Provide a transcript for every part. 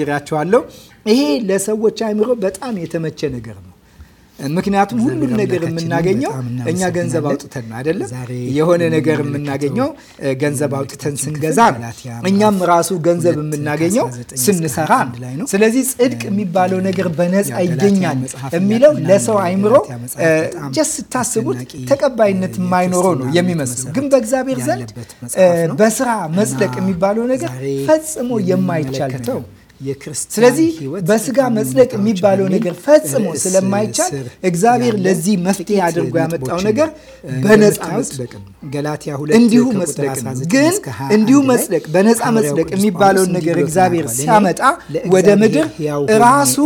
ግራቸዋለሁ። ይሄ ለሰዎች አእምሮ በጣም የተመቸ ነገር ነው። ምክንያቱም ሁሉም ነገር የምናገኘው እኛ ገንዘብ አውጥተን ነው አይደለም። የሆነ ነገር የምናገኘው ገንዘብ አውጥተን ስንገዛ ነው። እኛም ራሱ ገንዘብ የምናገኘው ስንሰራ ነው። ስለዚህ ጽድቅ የሚባለው ነገር በነፃ ይገኛል የሚለው ለሰው አይምሮ ጀስ ስታስቡት ተቀባይነት የማይኖረው ነው የሚመስለው፣ ግን በእግዚአብሔር ዘንድ በስራ መጽደቅ የሚባለው ነገር ፈጽሞ የማይቻል ነው። ስለዚህ በስጋ መጽደቅ የሚባለው ነገር ፈጽሞ ስለማይቻል እግዚአብሔር ለዚህ መፍትሄ አድርጎ ያመጣው ነገር በነፃ እንዲሁ መጽደቅ ነው። ግን እንዲሁ መጽደቅ በነፃ መጽደቅ የሚባለውን ነገር እግዚአብሔር ሲያመጣ ወደ ምድር ራሱ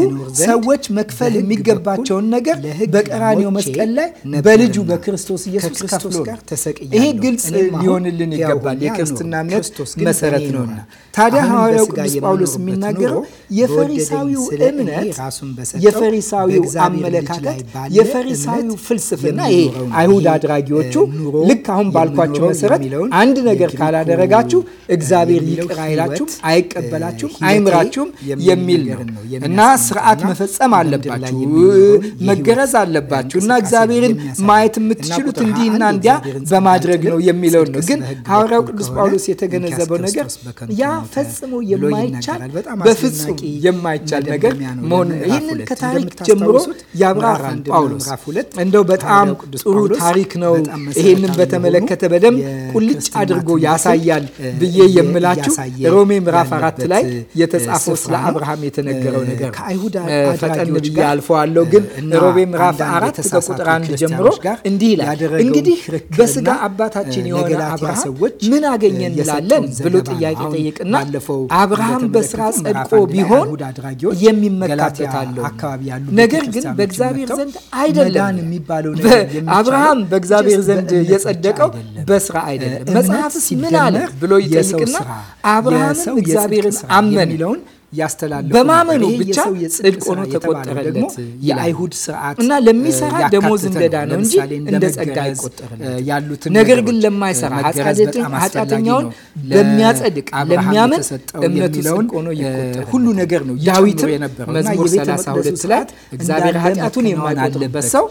ሰዎች መክፈል የሚገባቸውን ነገር በቀራኔው መስቀል ላይ በልጁ በክርስቶስ ኢየሱስ ከፍሎ ይሄ ግልጽ ሊሆንልን ይገባል። የክርስትና እምነት መሰረት ነውና ታዲያ ሐዋርያው ቅዱስ ጳውሎስ የሚናገ የሚናገረው የፈሪሳዊው እምነት የፈሪሳዊው አመለካከት የፈሪሳዊው ፍልስፍና ይሄ አይሁድ አድራጊዎቹ ልክ አሁን ባልኳቸው መሰረት አንድ ነገር ካላደረጋችሁ እግዚአብሔር ይቅር አይላችሁም፣ አይቀበላችሁም፣ አይምራችሁም የሚል ነው እና ስርዓት መፈጸም አለባችሁ፣ መገረዝ አለባችሁ እና እግዚአብሔርን ማየት የምትችሉት እንዲህና እንዲያ በማድረግ ነው የሚለውን ነው። ግን ሐዋርያው ቅዱስ ጳውሎስ የተገነዘበው ነገር ያ ፈጽሞ የማይቻል በፍጹም የማይቻል ነገር መሆኑ ይህንን ከታሪክ ጀምሮ ያብራራል ጳውሎስ። እንደው በጣም ጥሩ ታሪክ ነው። ይህንን በተመለከተ በደንብ ቁልጭ አድርጎ ያሳያል ብዬ የምላችሁ ሮሜ ምዕራፍ አራት ላይ የተጻፈው ስለ አብርሃም የተነገረው ነገር ፈጠን ብዬ አልፈዋለሁ። ግን ሮሜ ምዕራፍ አራት ከቁጥር አንድ ጀምሮ እንዲህ ይላል፣ እንግዲህ በስጋ አባታችን የሆነ አብርሃም ምን አገኘ እንላለን ብሎ ጥያቄ ጠይቅና አብርሃም በስራ ጸድ እንቆ ቢሆን አካባቢ ያሉ ነገር ግን በእግዚአብሔር ዘንድ አይደለም። የሚባለው አብርሃም በእግዚአብሔር ዘንድ የጸደቀው በስራ አይደለም። መጽሐፍ ምን አለ ብሎ ይጠይቅና አብርሃም እግዚአብሔርን የሚለውን ያስተላልፉ በማመኑ ብቻ ጽድቅ ሆኖ ተቆጠረለት የአይሁድ ስርዓት እና ለሚሰራ ደሞዝ እንደዳ ነው እንጂ እንደ ጸጋ አይቆጠርለት። ነገር ግን ለማይሰራ ኃጢአተኛውን በሚያጸድቅ ለሚያምን እምነቱ ጽድቅ ሆኖ ሁሉ ነገር ነው። ዳዊትም መዝሙር 32 ላይ እግዚአብሔር ኃጢአቱን የማናለበት ሰው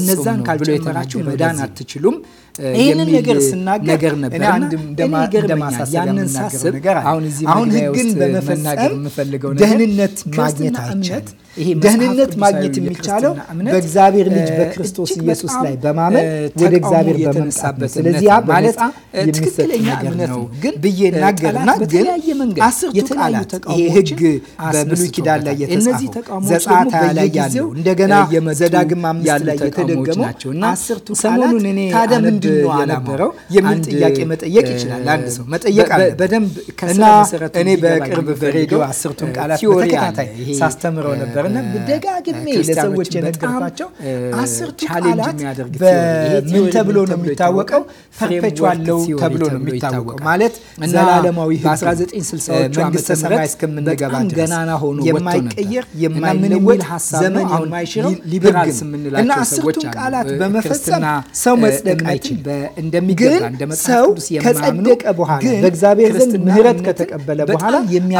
እነዛን ካልጨመራችሁ መዳን አትችሉም ይህንን ነገር ስናገር ነገር ያንን ሳስብ አሁን ሕግን በመፈጸም ደህንነት ማግኘት አይቻልም። ደህንነት ማግኘት የሚቻለው በእግዚአብሔር ልጅ በክርስቶስ ኢየሱስ ላይ በማመን ወደ እግዚአብሔር በመምጣት ስለዚህ ማለት ትክክለኛ እምነት ነው ግን ብዬ ናገርና ግን አስርቱ ቃላት ይሄ ሕግ በብሉይ ኪዳን ላይ የተጻፈው ዘጸአት ላይ ያለው እንደገና ዘዳግም አምስት ላይ የተደገመው አስርቱ ቃላት ታዲያ ምንድን ነው የነበረው የሚል ጥያቄ መጠየቅ ይችላል። አንድ ሰው መጠየቅ አለ በደንብ ከስራ መሰረቱ። እኔ በቅርብ በሬዲዮ አስርቱን ቃላት በተከታታይ ሳስተምረው ነበር እና ደጋግሜ ለሰዎች የነገርኳቸው አስርቱ ቃላት በምን ተብሎ ነው የሚታወቀው? ፐርፔቹዋል ሎው ተብሎ ነው የሚታወቀው ማለት ዘላለማዊ በ1960ዎቹ መንግስተ ሰማይ እስከምንገባ ገናና ሆኖ የማይቀየር የማይለወጥ ዘመን የማይሽረው ሊበራል እና አስርቱን ቃላት በመፈጸም ሰው መጽደቅ አይችል ግን ሰው ከጸደቀ በኋላ በእግዚአብሔር ዘንድ ምሕረት ከተቀበለ በኋላ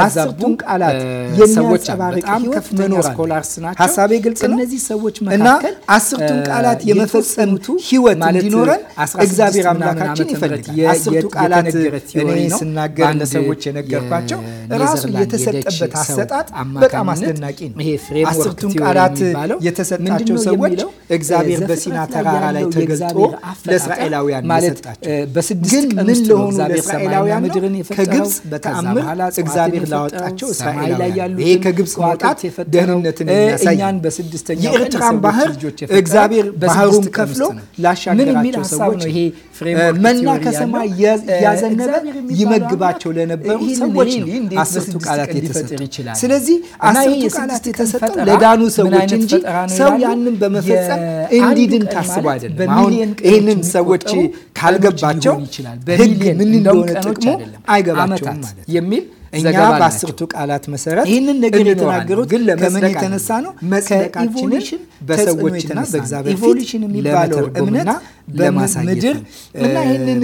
አስርቱን ቃላት የሚያንጸባርቅ ሕይወት መኖር ሀሳቤ ግልጽ ነው እና አስርቱን ቃላት የመፈጸም ሕይወት እንዲኖረን እግዚአብሔር አምላካችን ይፈልጋል። አስርቱ ቃላት እኔ ስናገር ለሰዎች የነገርኳቸው ራሱ የተሰጠበት አሰጣጥ በጣም አስደናቂ ነው። አስርቱን ቃላት የተሰጣቸው ሰዎች እግዚአብሔር በሲና ተራራ ላይ ተገልጦ ለእስራኤል ለእስራኤላውያን ማለት በስድስት ቀን ምን ለሆኑ ሰማይና ምድርን የፈጠረው በተአምር እግዚአብሔር ላወጣቸው እስራኤል ላይ ያሉ ይሄ ከግብፅ ማውጣት ደህንነትን የሚያሳይ የኤርትራን ባህር እግዚአብሔር ባህሩን ከፍሎ ላሻገራቸው ሰዎች ይሄ መና ከሰማይ እያዘነበ ይመግባቸው ለነበሩ ሰዎች አስርቱ ቃላት የተሰጡ። ስለዚህ አስርቱ ቃላት የተሰጠው ለዳኑ ሰዎች እንጂ ሰው ያንን በመፈጸም እንዲድን ታስቦ አይደለም። አሁን ይህንን ሰዎች ካልገባቸው ሕግ ምን እንደሆነ ጥቅሙ አይገባቸውም የሚል እኛ በአስርቱ ቃላት መሰረት ይህንን ነገር የተናገሩት ግን ከምን የተነሳ ነው? መጽደቃችንን በሰዎችና እና በእግዚአብሔር ፊት ለመተርጎምና ለማሳየት እና ይህንን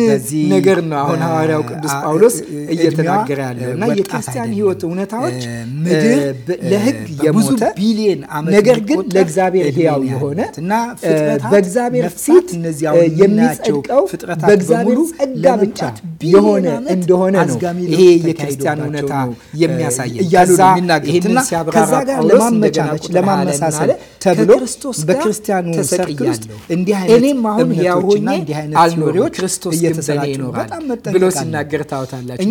ነገር ነው አሁን ሐዋርያው ቅዱስ ጳውሎስ እየተናገረ ያለው እና የክርስቲያን እውነታዎች ምድር የሞተ ቢሊየን ነገር ግን ለእግዚአብሔር የሆነ እና በእግዚአብሔር ፊት የሚጸድቀው በእግዚአብሔር ጸጋ ብቻ የሆነ እንደሆነ ነው ይሄ የክርስቲያን እውነታ እያሉ ከዛ ጋር ለማመሳሰል ተብሎ በክርስቲያኑ ሰርክል ውስጥ እንዲህ አይነት ሕያው ሆኜ አልኖርም፣ ክርስቶስ ግን ይኖራል ብሎ ሲናገር ታወታላችሁ።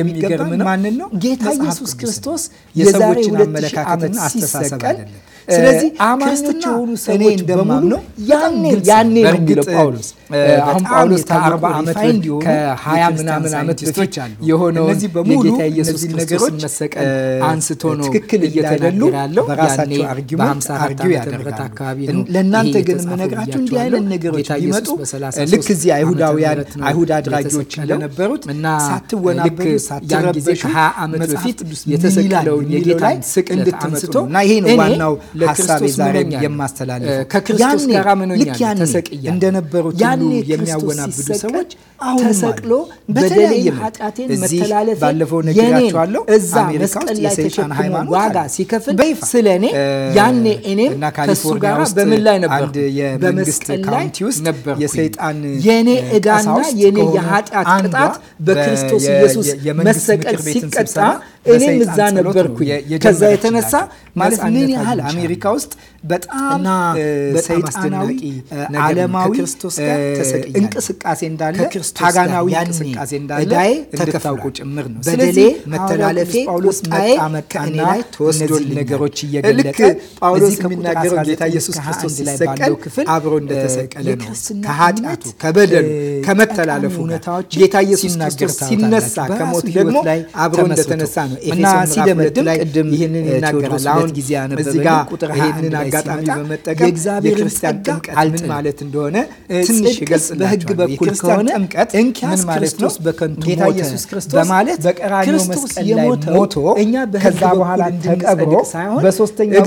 የሚገርም ነው። ጌታ ኢየሱስ ክርስቶስ የዛሬ ሁለት ሺህ ስለዚህ ክርስቶች የሆኑ ሰዎች በሙሉ ያኔ ያኔ ነው የሚለው ጳውሎስ። አሁን ጳውሎስ ከአርባ ዓመት ከሀያ ምናምን ዓመት በፊት የሆነውን የጌታ ኢየሱስ ክርስቶስን መሰቀል አንስቶ ነው ያለው። አካባቢ ነው። ለእናንተ ግን የምነግራችሁ እንዲህ አይነት ነገሮች ቢመጡ ልክ እዚህ አይሁዳውያን አይሁድ አድራጊዎች ሳትወናበዱ ሳትረበሹ ከሀያ ዓመት በፊት የተሰቀለውን የጌታ እና ይሄ ነው ዋናው ሀሳቤ ዛሬ የማስተላለፈው ከክርስቶስ ጋር አምኖኛል ተሰቅያ እንደነበሩት ሁሉ የሚያወናብዱ ሰዎች ተሰቅሎ በተለይ ኃጢአቴን መተላለፍ ባለፈው ነግራቸዋለሁ። እዛ መስቀል ላይ ተሸክሞ ዋጋ ሲከፍል ስለ እኔ ያኔ እኔም ከሱ ጋር በምን ላይ ነበር? በመስቀል ላይ ነበር። የሰይጣን የእኔ እዳና የእኔ የኃጢአት ቅጣት በክርስቶስ ኢየሱስ መሰቀል ሲቀጣ እኔም እዛ ነበርኩኝ። ከዛ የተነሳ ማለት ምን ያህል አሜሪካ ውስጥ በጣም ሰይጣናዊ ዓለማዊ እንቅስቃሴ እንዳለ ፓጋናዊ እንቅስቃሴ እንዳለ እንድታውቁ ጭምር ነው። በደሌ መተላለፌ ጳውሎስ መጣ መጣና ነገሮች እየገለጠ ጳውሎስ የሚናገረው ጌታ ኢየሱስ ክርስቶስ ሲሰቀል አብሮ እንደተሰቀለ ነው። ከኃጢአቱ ከበደሉ ከመተላለፉ ጌታ ኢየሱስ ክርስቶስ ሲነሳ ከሞት ደግሞ አብሮ እንደተነሳ ነው። ኤፌሶን ምዕራፍ ሁለት ይህንን ይናገራል። አሁን ጊዜ ያነበብን ቁጥር ይህንን አጋጣሚ በመጠቀም የእግዚአብሔር ጸጋ ምን ማለት እንደሆነ ትንሽ ይገልጽላቸዋል። በሕግ በኩል ከሆነ እንኪያስ ክርስቶስ በከንቱ ጌታ ኢየሱስ ክርስቶስ በማለት በቀራንዮ መስቀል ላይ ሞቶ እኛ ከዛ በኋላ ተቀብሮ በሶስተኛው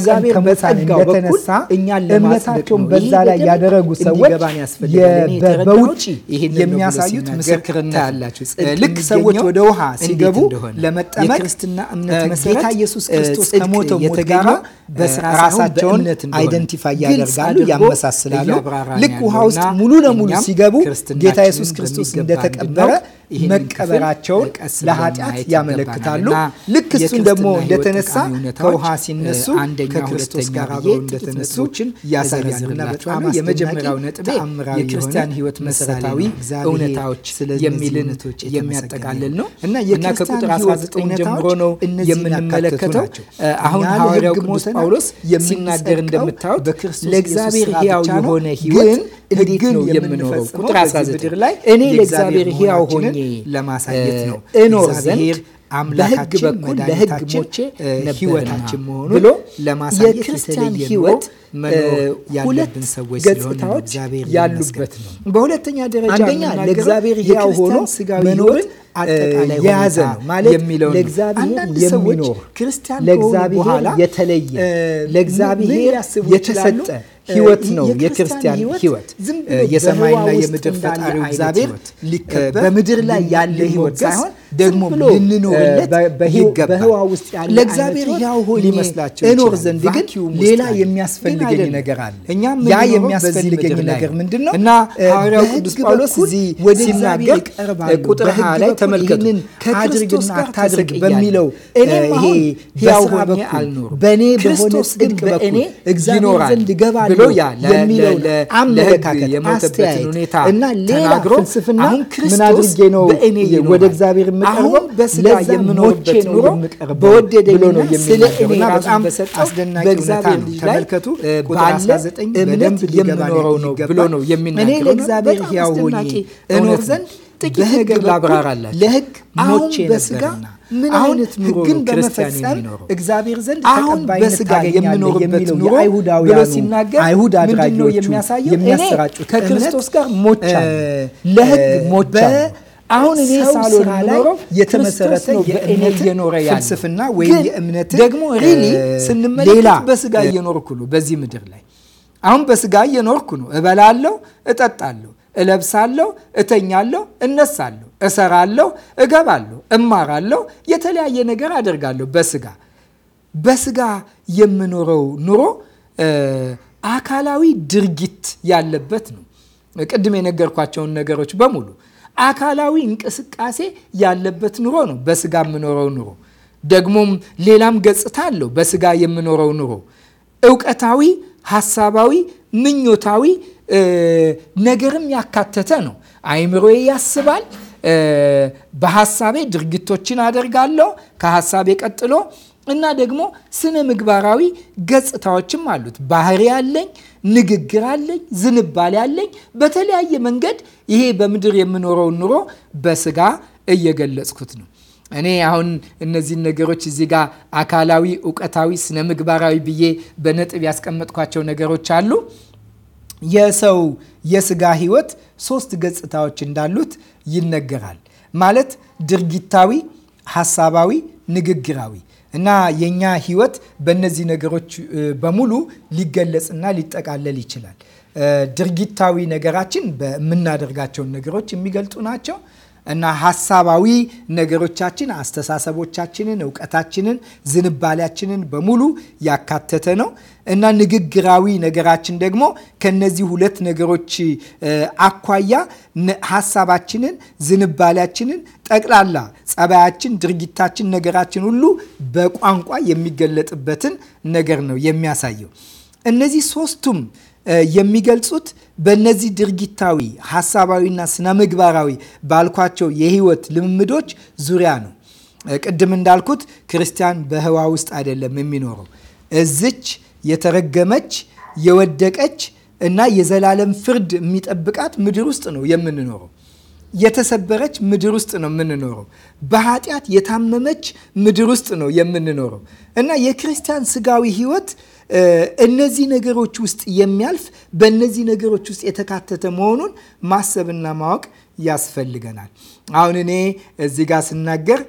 ቀን በተነሳ እኛ እምነታቸውን በዛ ላይ ያደረጉ ሰዎች በውጭ የሚያሳዩት ምስክርነት ያላችሁ ልክ ሰዎች ወደ ውሃ ሲገቡ ለመጠመቅ የክርስትና እምነት መሰረት ጌታ ኢየሱስ ክርስቶስ ከሞተው ሞት ጋር ራሳቸውን እንደሆነ አይደንቲፋይ ያደርጋሉ፣ ያመሳስላሉ። ልክ ውሃ ውስጥ ሙሉ ለሙሉ ሲገቡ ጌታ ኢየሱስ ክርስቶስ እንደተቀበረ መቀበራቸውን ለኃጢአት ያመለክታሉ። ልክ እሱን ደግሞ እንደተነሳ ከውሃ ሲነሱ ከክርስቶስ ጋር አብረው እንደተነሱችን ያሳያሉና በጣም የመጀመሪያው ነጥቤ የክርስቲያን ሕይወት መሰረታዊ እውነታዎች የሚልን የሚያጠቃልል ነው እና ከቁጥር 19 ጀምሮ ነው የምንመለከተው አሁን ሐዋርያው ቅዱስ ጳውሎስ ሲናገር እንደምታዩት ለእግዚአብሔር ሕያው የሆነ ሕይወት እንዴት ነው የምኖረው? ቁጥር 19 ላይ እኔ ለእግዚአብሔር ሕያው ሆኜ ለማሳየት ነው እኖር ዘንድ በህግ በኩል ለህግ ሞቼ ህይወታችን መሆኑ ብሎ የክርስቲያን ህይወት ሁለት ገጽታዎች ያሉበት ነው። በሁለተኛ ደረጃ አንደኛ ለእግዚአብሔር ሕያው ሆኖ መኖርን የያዘ ነው ማለት የሚለው አንዳንድ ሰዎች ክርስቲያን ለእግዚአብሔር የተለየ ለእግዚአብሔር የተሰጠ ህይወት ነው። የክርስቲያን ህይወት የሰማይና የምድር ፈጣሪው እግዚአብሔር በምድር ላይ ያለ ህይወት ሳይሆን ደግሞ ልንኖርለት ይገባል። ለእግዚአብሔር ያው ሆኜ እኖር ዘንድ ግን ሌላ የሚያስፈልገኝ ነገር አለ። እኛም ያ የሚያስፈልገኝ ነገር ምንድን ነው? እና ሐዋርያው ቅዱስ ጳውሎስ እዚህ ሲናገር ቁጥር ሃያ ላይ ተመልከቱ። ጋር ታድርግ በሚለው ይሄ ያው ሆኜ አልኖርም፣ በእኔ በሆነ ጽድቅ በኩል እግዚአብሔር ዘንድ እገባለሁ ብሎ የሚለው አመለካከት፣ ሁኔታ እና ሌላ ፍልስፍና ምን አድርጌ ነው ወደ እግዚአብሔር የምቀርበው በስጋ የምኖርበት ኑሮ በወደደ ብሎ ነው የሚናገሩና በጣም አስደናቂ እውነታ ነው። ተመልከቱ፣ ቁጥር 19 የምኖረው ነው ብሎ ነው የሚናገረው። እኔ ለእግዚአብሔር ሕያው ሆኜ እኖር ዘንድ ጥቂት ነገር ላብራራላችሁ። ለሕግ ሞቼ ነበርና ምን አይነት ሕግን በመፈጸም እግዚአብሔር ዘንድ ተቀባይነት ታገኛለህ የሚለው የአይሁዳውያኑ ብሎ ሲናገር አይሁድ አድራጊዎቹ የሚያሳየው ከክርስቶስ ጋር ሞቻ ለሕግ ሞቻ አሁን እኔ ሳሎን የምኖረው የተመሰረተ የእምነት የኖረ ፍልስፍና ወይም የእምነት ደግሞ ሪሊ ስንመለከት በስጋ እየኖርኩ ነው። በዚህ ምድር ላይ አሁን በስጋ እየኖርኩ ነው። እበላለሁ፣ እጠጣለሁ፣ እለብሳለሁ፣ እተኛለሁ፣ እነሳለሁ፣ እሰራለሁ፣ እገባለሁ፣ እማራለሁ፣ የተለያየ ነገር አደርጋለሁ። በስጋ በስጋ የምኖረው ኑሮ አካላዊ ድርጊት ያለበት ነው። ቅድም የነገርኳቸውን ነገሮች በሙሉ አካላዊ እንቅስቃሴ ያለበት ኑሮ ነው በስጋ የምኖረው ኑሮ። ደግሞም ሌላም ገጽታ አለው በስጋ የምኖረው ኑሮ እውቀታዊ፣ ሀሳባዊ፣ ምኞታዊ ነገርም ያካተተ ነው። አይምሮዬ ያስባል። በሀሳቤ ድርጊቶችን አደርጋለሁ ከሀሳቤ ቀጥሎ እና ደግሞ ስነ ምግባራዊ ገጽታዎችም አሉት። ባህሪ ያለኝ ንግግር አለኝ፣ ዝንባሌ አለኝ። በተለያየ መንገድ ይሄ በምድር የምኖረውን ኑሮ በስጋ እየገለጽኩት ነው። እኔ አሁን እነዚህን ነገሮች እዚህ ጋር አካላዊ፣ እውቀታዊ፣ ስነ ምግባራዊ ብዬ በነጥብ ያስቀመጥኳቸው ነገሮች አሉ። የሰው የስጋ ህይወት ሶስት ገጽታዎች እንዳሉት ይነገራል። ማለት ድርጊታዊ፣ ሀሳባዊ፣ ንግግራዊ እና የኛ ህይወት በእነዚህ ነገሮች በሙሉ ሊገለጽና ሊጠቃለል ይችላል። ድርጊታዊ ነገራችን በምናደርጋቸውን ነገሮች የሚገልጡ ናቸው። እና ሀሳባዊ ነገሮቻችን፣ አስተሳሰቦቻችንን፣ እውቀታችንን፣ ዝንባሌያችንን በሙሉ ያካተተ ነው እና ንግግራዊ ነገራችን ደግሞ ከነዚህ ሁለት ነገሮች አኳያ ሀሳባችንን፣ ዝንባሌያችንን ጠቅላላ ጸባያችን፣ ድርጊታችን፣ ነገራችን ሁሉ በቋንቋ የሚገለጥበትን ነገር ነው የሚያሳየው እነዚህ ሶስቱም የሚገልጹት በእነዚህ ድርጊታዊ ሀሳባዊና ስነ ምግባራዊ ባልኳቸው የህይወት ልምምዶች ዙሪያ ነው። ቅድም እንዳልኩት ክርስቲያን በህዋ ውስጥ አይደለም የሚኖረው። እዝች የተረገመች የወደቀች እና የዘላለም ፍርድ የሚጠብቃት ምድር ውስጥ ነው የምንኖረው። የተሰበረች ምድር ውስጥ ነው የምንኖረው። በኃጢአት የታመመች ምድር ውስጥ ነው የምንኖረው እና የክርስቲያን ስጋዊ ህይወት እነዚህ ነገሮች ውስጥ የሚያልፍ በእነዚህ ነገሮች ውስጥ የተካተተ መሆኑን ማሰብና ማወቅ ያስፈልገናል። አሁን እኔ እዚህ ጋር ስናገር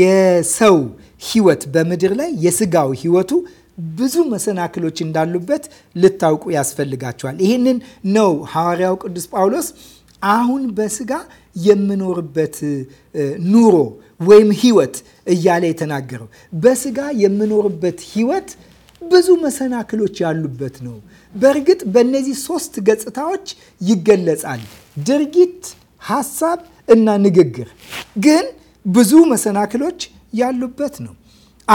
የሰው ህይወት በምድር ላይ የስጋው ህይወቱ ብዙ መሰናክሎች እንዳሉበት ልታውቁ ያስፈልጋቸዋል። ይህንን ነው ሐዋርያው ቅዱስ ጳውሎስ አሁን በስጋ የምኖርበት ኑሮ ወይም ህይወት እያለ የተናገረው በስጋ የምኖርበት ህይወት። ብዙ መሰናክሎች ያሉበት ነው። በእርግጥ በእነዚህ ሶስት ገጽታዎች ይገለጻል፣ ድርጊት፣ ሀሳብ እና ንግግር። ግን ብዙ መሰናክሎች ያሉበት ነው።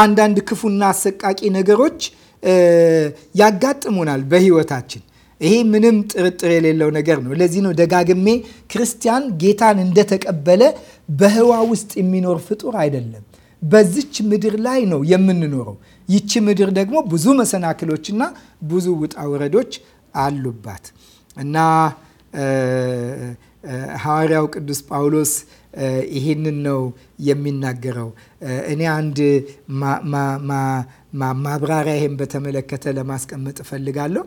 አንዳንድ ክፉና አሰቃቂ ነገሮች ያጋጥሙናል በህይወታችን። ይሄ ምንም ጥርጥር የሌለው ነገር ነው። ለዚህ ነው ደጋግሜ ክርስቲያን ጌታን እንደተቀበለ በህዋ ውስጥ የሚኖር ፍጡር አይደለም በዚች ምድር ላይ ነው የምንኖረው። ይቺ ምድር ደግሞ ብዙ መሰናክሎችና ብዙ ውጣ ውረዶች አሉባት እና ሐዋርያው ቅዱስ ጳውሎስ ይህንን ነው የሚናገረው። እኔ አንድ ማብራሪያ ይሄን በተመለከተ ለማስቀመጥ እፈልጋለሁ።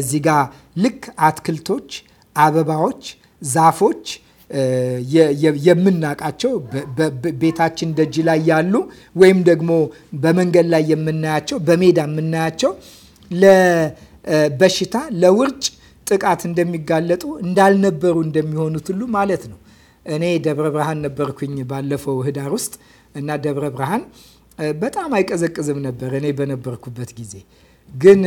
እዚህ ጋር ልክ አትክልቶች፣ አበባዎች፣ ዛፎች የምናቃቸው ቤታችን ደጅ ላይ ያሉ ወይም ደግሞ በመንገድ ላይ የምናያቸው፣ በሜዳ የምናያቸው ለበሽታ ለውርጭ ጥቃት እንደሚጋለጡ እንዳልነበሩ እንደሚሆኑት ሁሉ ማለት ነው። እኔ ደብረ ብርሃን ነበርኩኝ ባለፈው ህዳር ውስጥ እና ደብረ ብርሃን በጣም አይቀዘቅዝም ነበር እኔ በነበርኩበት ጊዜ። ግን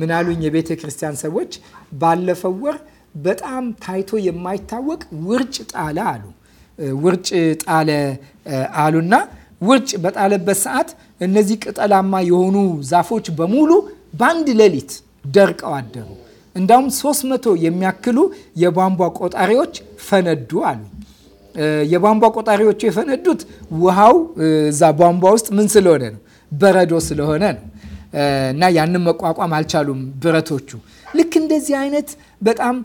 ምናሉኝ የቤተ ክርስቲያን ሰዎች ባለፈው ወር በጣም ታይቶ የማይታወቅ ውርጭ ጣለ አሉ። ውርጭ ጣለ አሉና ውርጭ በጣለበት ሰዓት እነዚህ ቅጠላማ የሆኑ ዛፎች በሙሉ በአንድ ሌሊት ደርቀው አደሩ። እንዳውም 300 የሚያክሉ የቧንቧ ቆጣሪዎች ፈነዱ አሉ። የቧንቧ ቆጣሪዎቹ የፈነዱት ውሃው እዛ ቧንቧ ውስጥ ምን ስለሆነ ነው? በረዶ ስለሆነ ነው። እና ያንን መቋቋም አልቻሉም ብረቶቹ። ልክ እንደዚህ አይነት በጣም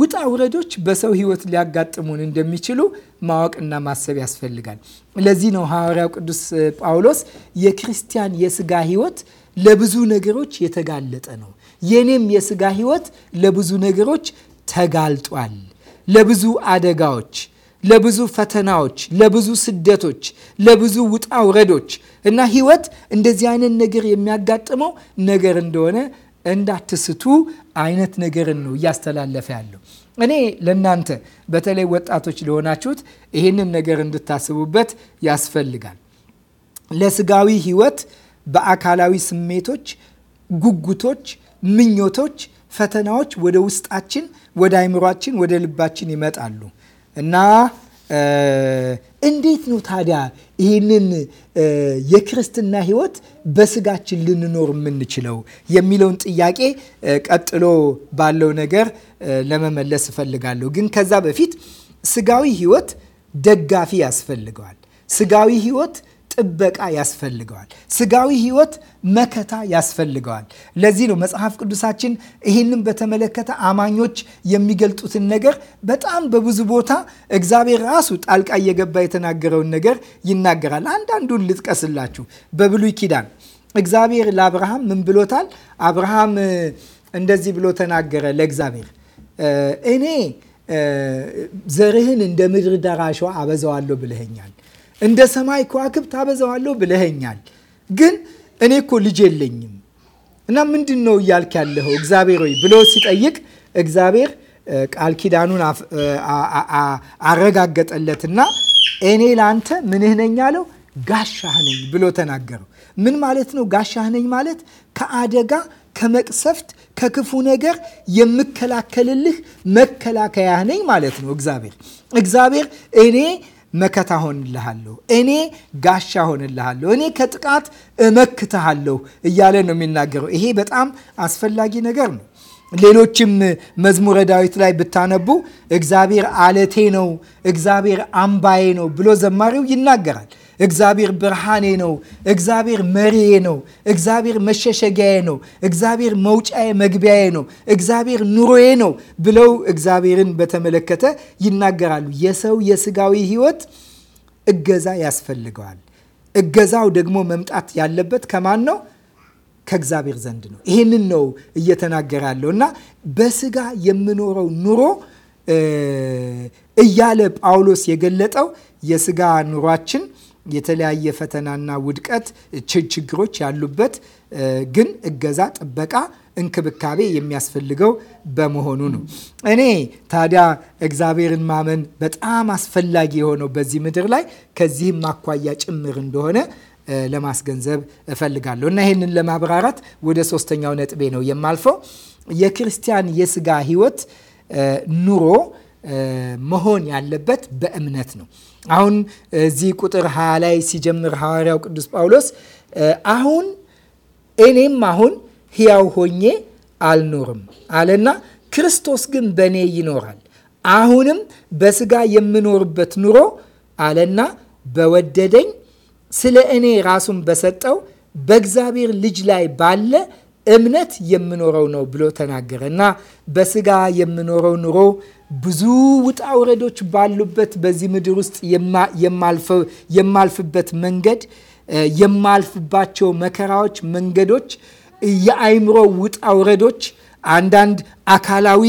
ውጣ ውረዶች በሰው ህይወት ሊያጋጥሙን እንደሚችሉ ማወቅና ማሰብ ያስፈልጋል። ለዚህ ነው ሐዋርያው ቅዱስ ጳውሎስ የክርስቲያን የስጋ ህይወት ለብዙ ነገሮች የተጋለጠ ነው፣ የኔም የስጋ ህይወት ለብዙ ነገሮች ተጋልጧል፣ ለብዙ አደጋዎች ለብዙ ፈተናዎች፣ ለብዙ ስደቶች፣ ለብዙ ውጣ ውረዶች እና ህይወት እንደዚህ አይነት ነገር የሚያጋጥመው ነገር እንደሆነ እንዳትስቱ አይነት ነገርን ነው እያስተላለፈ ያለው። እኔ ለእናንተ በተለይ ወጣቶች ለሆናችሁት ይህንን ነገር እንድታስቡበት ያስፈልጋል። ለስጋዊ ህይወት በአካላዊ ስሜቶች፣ ጉጉቶች፣ ምኞቶች፣ ፈተናዎች ወደ ውስጣችን፣ ወደ አይምሯችን፣ ወደ ልባችን ይመጣሉ እና እንዴት ነው ታዲያ ይህንን የክርስትና ህይወት በስጋችን ልንኖር የምንችለው የሚለውን ጥያቄ ቀጥሎ ባለው ነገር ለመመለስ እፈልጋለሁ። ግን ከዛ በፊት ስጋዊ ህይወት ደጋፊ ያስፈልገዋል። ስጋዊ ህይወት ጥበቃ ያስፈልገዋል። ስጋዊ ህይወት መከታ ያስፈልገዋል። ለዚህ ነው መጽሐፍ ቅዱሳችን ይህንም በተመለከተ አማኞች የሚገልጡትን ነገር በጣም በብዙ ቦታ እግዚአብሔር ራሱ ጣልቃ እየገባ የተናገረውን ነገር ይናገራል። አንዳንዱን ልጥቀስላችሁ። በብሉይ ኪዳን እግዚአብሔር ለአብርሃም ምን ብሎታል? አብርሃም እንደዚህ ብሎ ተናገረ ለእግዚአብሔር እኔ ዘርህን እንደ ምድር ዳር አሸዋ አበዛዋለሁ ብለኸኛል እንደ ሰማይ ከዋክብት ታበዛዋለሁ ብለኸኛል፣ ግን እኔ እኮ ልጅ የለኝም እና ምንድን ነው እያልክ ያለኸው እግዚአብሔር ወይ ብሎ ሲጠይቅ እግዚአብሔር ቃል ኪዳኑን አረጋገጠለትና እኔ ለአንተ ምንህ ነኝ አለው፣ ጋሻህ ነኝ ብሎ ተናገረው። ምን ማለት ነው ጋሻህ ነኝ ማለት? ከአደጋ ከመቅሰፍት ከክፉ ነገር የምከላከልልህ መከላከያህ ነኝ ማለት ነው። እግዚአብሔር እግዚአብሔር እኔ መከታ ሆንልሃለሁ፣ እኔ ጋሻ ሆንልሃለሁ፣ እኔ ከጥቃት እመክትሃለሁ እያለ ነው የሚናገረው። ይሄ በጣም አስፈላጊ ነገር ነው። ሌሎችም መዝሙረ ዳዊት ላይ ብታነቡ እግዚአብሔር አለቴ ነው፣ እግዚአብሔር አምባዬ ነው ብሎ ዘማሪው ይናገራል። እግዚአብሔር ብርሃኔ ነው፣ እግዚአብሔር መሪዬ ነው፣ እግዚአብሔር መሸሸጊያዬ ነው፣ እግዚአብሔር መውጫዬ መግቢያዬ ነው፣ እግዚአብሔር ኑሮዬ ነው ብለው እግዚአብሔርን በተመለከተ ይናገራሉ። የሰው የስጋዊ ህይወት እገዛ ያስፈልገዋል። እገዛው ደግሞ መምጣት ያለበት ከማን ነው? ከእግዚአብሔር ዘንድ ነው። ይህንን ነው እየተናገረ ያለው እና በስጋ የምኖረው ኑሮ እያለ ጳውሎስ የገለጠው የስጋ ኑሯችን የተለያየ ፈተናና ውድቀት ችግሮች ያሉበት ግን እገዛ፣ ጥበቃ፣ እንክብካቤ የሚያስፈልገው በመሆኑ ነው። እኔ ታዲያ እግዚአብሔርን ማመን በጣም አስፈላጊ የሆነው በዚህ ምድር ላይ ከዚህም አኳያ ጭምር እንደሆነ ለማስገንዘብ እፈልጋለሁ እና ይህንን ለማብራራት ወደ ሶስተኛው ነጥቤ ነው የማልፈው የክርስቲያን የስጋ ህይወት ኑሮ መሆን ያለበት በእምነት ነው። አሁን እዚህ ቁጥር ሀያ ላይ ሲጀምር ሐዋርያው ቅዱስ ጳውሎስ አሁን እኔም አሁን ሕያው ሆኜ አልኖርም አለና ክርስቶስ ግን በእኔ ይኖራል። አሁንም በስጋ የምኖርበት ኑሮ አለና በወደደኝ ስለ እኔ ራሱን በሰጠው በእግዚአብሔር ልጅ ላይ ባለ እምነት የምኖረው ነው ብሎ ተናገረ እና በስጋ የምኖረው ኑሮ ብዙ ውጣ ውረዶች ባሉበት በዚህ ምድር ውስጥ የማልፍበት መንገድ የማልፍባቸው መከራዎች፣ መንገዶች፣ የአይምሮ ውጣ ውረዶች፣ አንዳንድ አካላዊ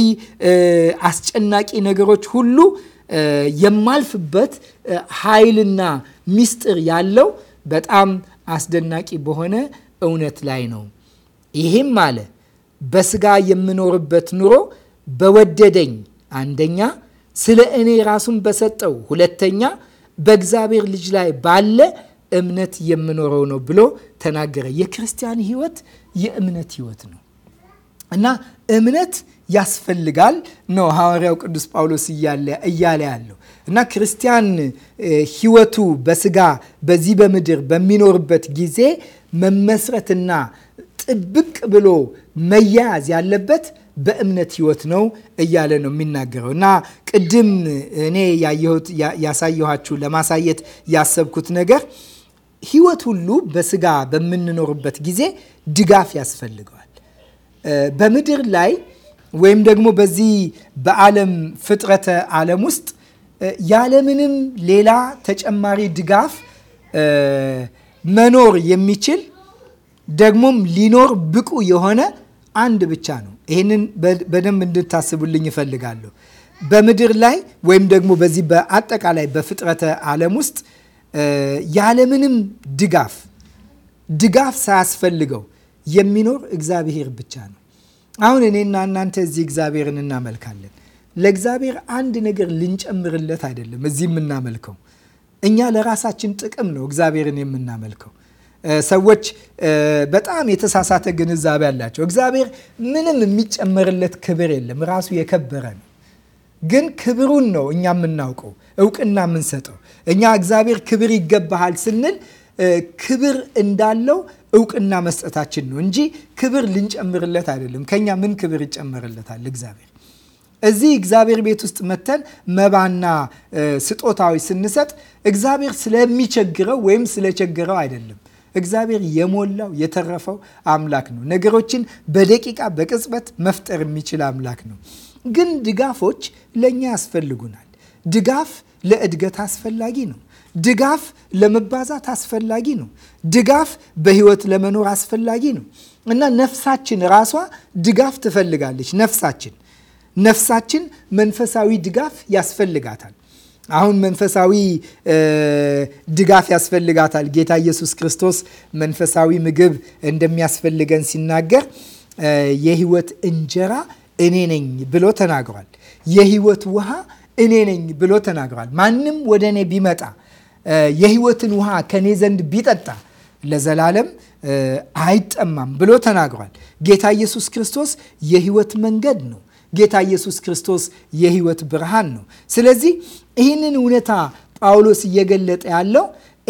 አስጨናቂ ነገሮች ሁሉ የማልፍበት ኃይልና ሚስጥር ያለው በጣም አስደናቂ በሆነ እውነት ላይ ነው። ይህም አለ በስጋ የምኖርበት ኑሮ በወደደኝ አንደኛ ስለ እኔ ራሱን በሰጠው፣ ሁለተኛ በእግዚአብሔር ልጅ ላይ ባለ እምነት የምኖረው ነው ብሎ ተናገረ። የክርስቲያን ህይወት የእምነት ህይወት ነው እና እምነት ያስፈልጋል ነው ሐዋርያው ቅዱስ ጳውሎስ እያለ ያለው እና ክርስቲያን ህይወቱ በስጋ በዚህ በምድር በሚኖርበት ጊዜ መመስረትና ጥብቅ ብሎ መያያዝ ያለበት በእምነት ህይወት ነው እያለ ነው የሚናገረው እና ቅድም እኔ ያየሁት ያሳየኋችሁ ለማሳየት ያሰብኩት ነገር ህይወት ሁሉ በስጋ በምንኖርበት ጊዜ ድጋፍ ያስፈልገዋል። በምድር ላይ ወይም ደግሞ በዚህ በዓለም ፍጥረተ ዓለም ውስጥ ያለምንም ሌላ ተጨማሪ ድጋፍ መኖር የሚችል ደግሞም ሊኖር ብቁ የሆነ አንድ ብቻ ነው ይህንን በደንብ እንድታስቡልኝ ይፈልጋለሁ። በምድር ላይ ወይም ደግሞ በዚህ በአጠቃላይ በፍጥረተ ዓለም ውስጥ ያለምንም ድጋፍ ድጋፍ ሳያስፈልገው የሚኖር እግዚአብሔር ብቻ ነው። አሁን እኔና እናንተ እዚህ እግዚአብሔርን እናመልካለን። ለእግዚአብሔር አንድ ነገር ልንጨምርለት አይደለም። እዚህ የምናመልከው እኛ ለራሳችን ጥቅም ነው እግዚአብሔርን የምናመልከው ሰዎች በጣም የተሳሳተ ግንዛቤ አላቸው። እግዚአብሔር ምንም የሚጨመርለት ክብር የለም፣ ራሱ የከበረ ነው። ግን ክብሩን ነው እኛ የምናውቀው፣ እውቅና የምንሰጠው እኛ እግዚአብሔር ክብር ይገባሃል ስንል ክብር እንዳለው እውቅና መስጠታችን ነው እንጂ ክብር ልንጨምርለት አይደለም። ከኛ ምን ክብር ይጨመርለታል? እግዚአብሔር እዚህ እግዚአብሔር ቤት ውስጥ መተን መባና ስጦታዊ ስንሰጥ እግዚአብሔር ስለሚቸግረው ወይም ስለቸገረው አይደለም። እግዚአብሔር የሞላው የተረፈው አምላክ ነው። ነገሮችን በደቂቃ በቅጽበት መፍጠር የሚችል አምላክ ነው። ግን ድጋፎች ለእኛ ያስፈልጉናል። ድጋፍ ለእድገት አስፈላጊ ነው። ድጋፍ ለመባዛት አስፈላጊ ነው። ድጋፍ በህይወት ለመኖር አስፈላጊ ነው እና ነፍሳችን ራሷ ድጋፍ ትፈልጋለች። ነፍሳችን ነፍሳችን መንፈሳዊ ድጋፍ ያስፈልጋታል። አሁን መንፈሳዊ ድጋፍ ያስፈልጋታል። ጌታ ኢየሱስ ክርስቶስ መንፈሳዊ ምግብ እንደሚያስፈልገን ሲናገር የህይወት እንጀራ እኔ ነኝ ብሎ ተናግሯል። የህይወት ውሃ እኔ ነኝ ብሎ ተናግሯል። ማንም ወደ እኔ ቢመጣ የህይወትን ውሃ ከእኔ ዘንድ ቢጠጣ ለዘላለም አይጠማም ብሎ ተናግሯል። ጌታ ኢየሱስ ክርስቶስ የህይወት መንገድ ነው። ጌታ ኢየሱስ ክርስቶስ የህይወት ብርሃን ነው። ስለዚህ ይህንን እውነታ ጳውሎስ እየገለጠ ያለው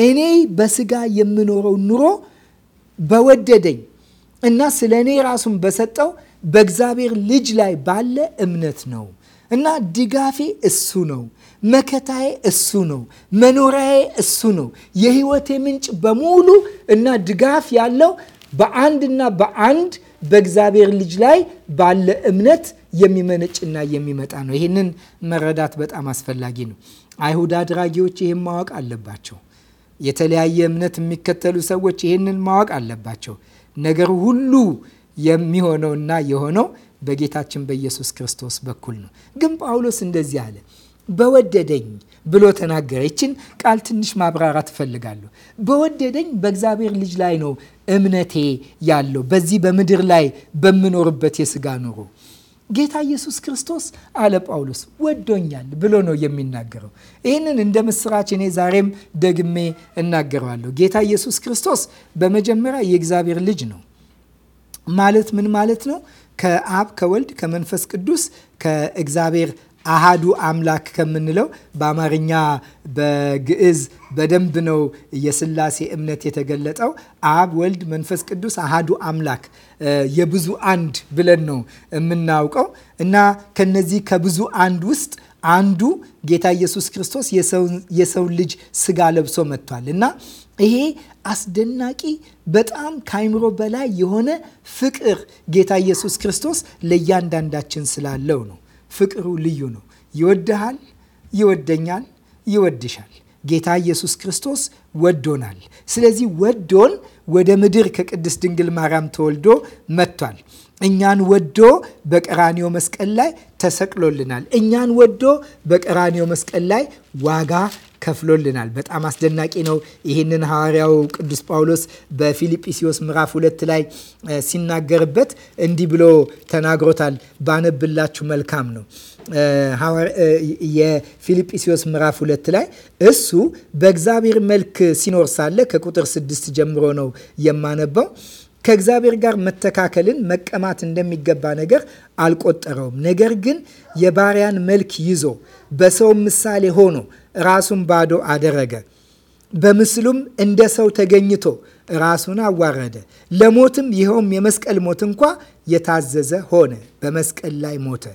እኔ በስጋ የምኖረው ኑሮ በወደደኝ እና ስለ እኔ ራሱን በሰጠው በእግዚአብሔር ልጅ ላይ ባለ እምነት ነው እና ድጋፌ እሱ ነው፣ መከታዬ እሱ ነው፣ መኖሪያዬ እሱ ነው። የህይወቴ ምንጭ በሙሉ እና ድጋፍ ያለው በአንድና በአንድ በእግዚአብሔር ልጅ ላይ ባለ እምነት የሚመነጭና የሚመጣ ነው። ይህንን መረዳት በጣም አስፈላጊ ነው። አይሁድ አድራጊዎች ይህን ማወቅ አለባቸው። የተለያየ እምነት የሚከተሉ ሰዎች ይህንን ማወቅ አለባቸው። ነገሩ ሁሉ የሚሆነውና የሆነው በጌታችን በኢየሱስ ክርስቶስ በኩል ነው። ግን ጳውሎስ እንደዚህ አለ በወደደኝ ብሎ ተናገረ። ይችን ቃል ትንሽ ማብራራት እፈልጋለሁ። በወደደኝ በእግዚአብሔር ልጅ ላይ ነው እምነቴ ያለው በዚህ በምድር ላይ በምኖርበት የስጋ ኑሮ ጌታ ኢየሱስ ክርስቶስ አለ ጳውሎስ ወዶኛል ብሎ ነው የሚናገረው። ይህንን እንደ ምስራች እኔ ዛሬም ደግሜ እናገረዋለሁ። ጌታ ኢየሱስ ክርስቶስ በመጀመሪያ የእግዚአብሔር ልጅ ነው ማለት ምን ማለት ነው? ከአብ ከወልድ ከመንፈስ ቅዱስ ከእግዚአብሔር አሃዱ አምላክ ከምንለው በአማርኛ በግዕዝ በደንብ ነው የስላሴ እምነት የተገለጠው። አብ፣ ወልድ፣ መንፈስ ቅዱስ አሃዱ አምላክ የብዙ አንድ ብለን ነው የምናውቀው እና ከነዚህ ከብዙ አንድ ውስጥ አንዱ ጌታ ኢየሱስ ክርስቶስ የሰው ልጅ ስጋ ለብሶ መጥቷል እና ይሄ አስደናቂ በጣም ከአይምሮ በላይ የሆነ ፍቅር ጌታ ኢየሱስ ክርስቶስ ለእያንዳንዳችን ስላለው ነው። ፍቅሩ ልዩ ነው። ይወድሃል፣ ይወደኛል፣ ይወድሻል። ጌታ ኢየሱስ ክርስቶስ ወዶናል። ስለዚህ ወዶን ወደ ምድር ከቅድስት ድንግል ማርያም ተወልዶ መጥቷል። እኛን ወዶ በቀራኒዮ መስቀል ላይ ተሰቅሎልናል። እኛን ወዶ በቀራኒዮ መስቀል ላይ ዋጋ ከፍሎልናል። በጣም አስደናቂ ነው። ይህንን ሐዋርያው ቅዱስ ጳውሎስ በፊልጵስዎስ ምዕራፍ ሁለት ላይ ሲናገርበት እንዲህ ብሎ ተናግሮታል። ባነብላችሁ መልካም ነው። የፊልጵስዎስ ምዕራፍ ሁለት ላይ እሱ በእግዚአብሔር መልክ ሲኖር ሳለ ከቁጥር ስድስት ጀምሮ ነው የማነበው ከእግዚአብሔር ጋር መተካከልን መቀማት እንደሚገባ ነገር አልቆጠረውም። ነገር ግን የባሪያን መልክ ይዞ በሰው ምሳሌ ሆኖ ራሱን ባዶ አደረገ። በምስሉም እንደ ሰው ተገኝቶ ራሱን አዋረደ፣ ለሞትም ይኸውም የመስቀል ሞት እንኳ የታዘዘ ሆነ። በመስቀል ላይ ሞተ።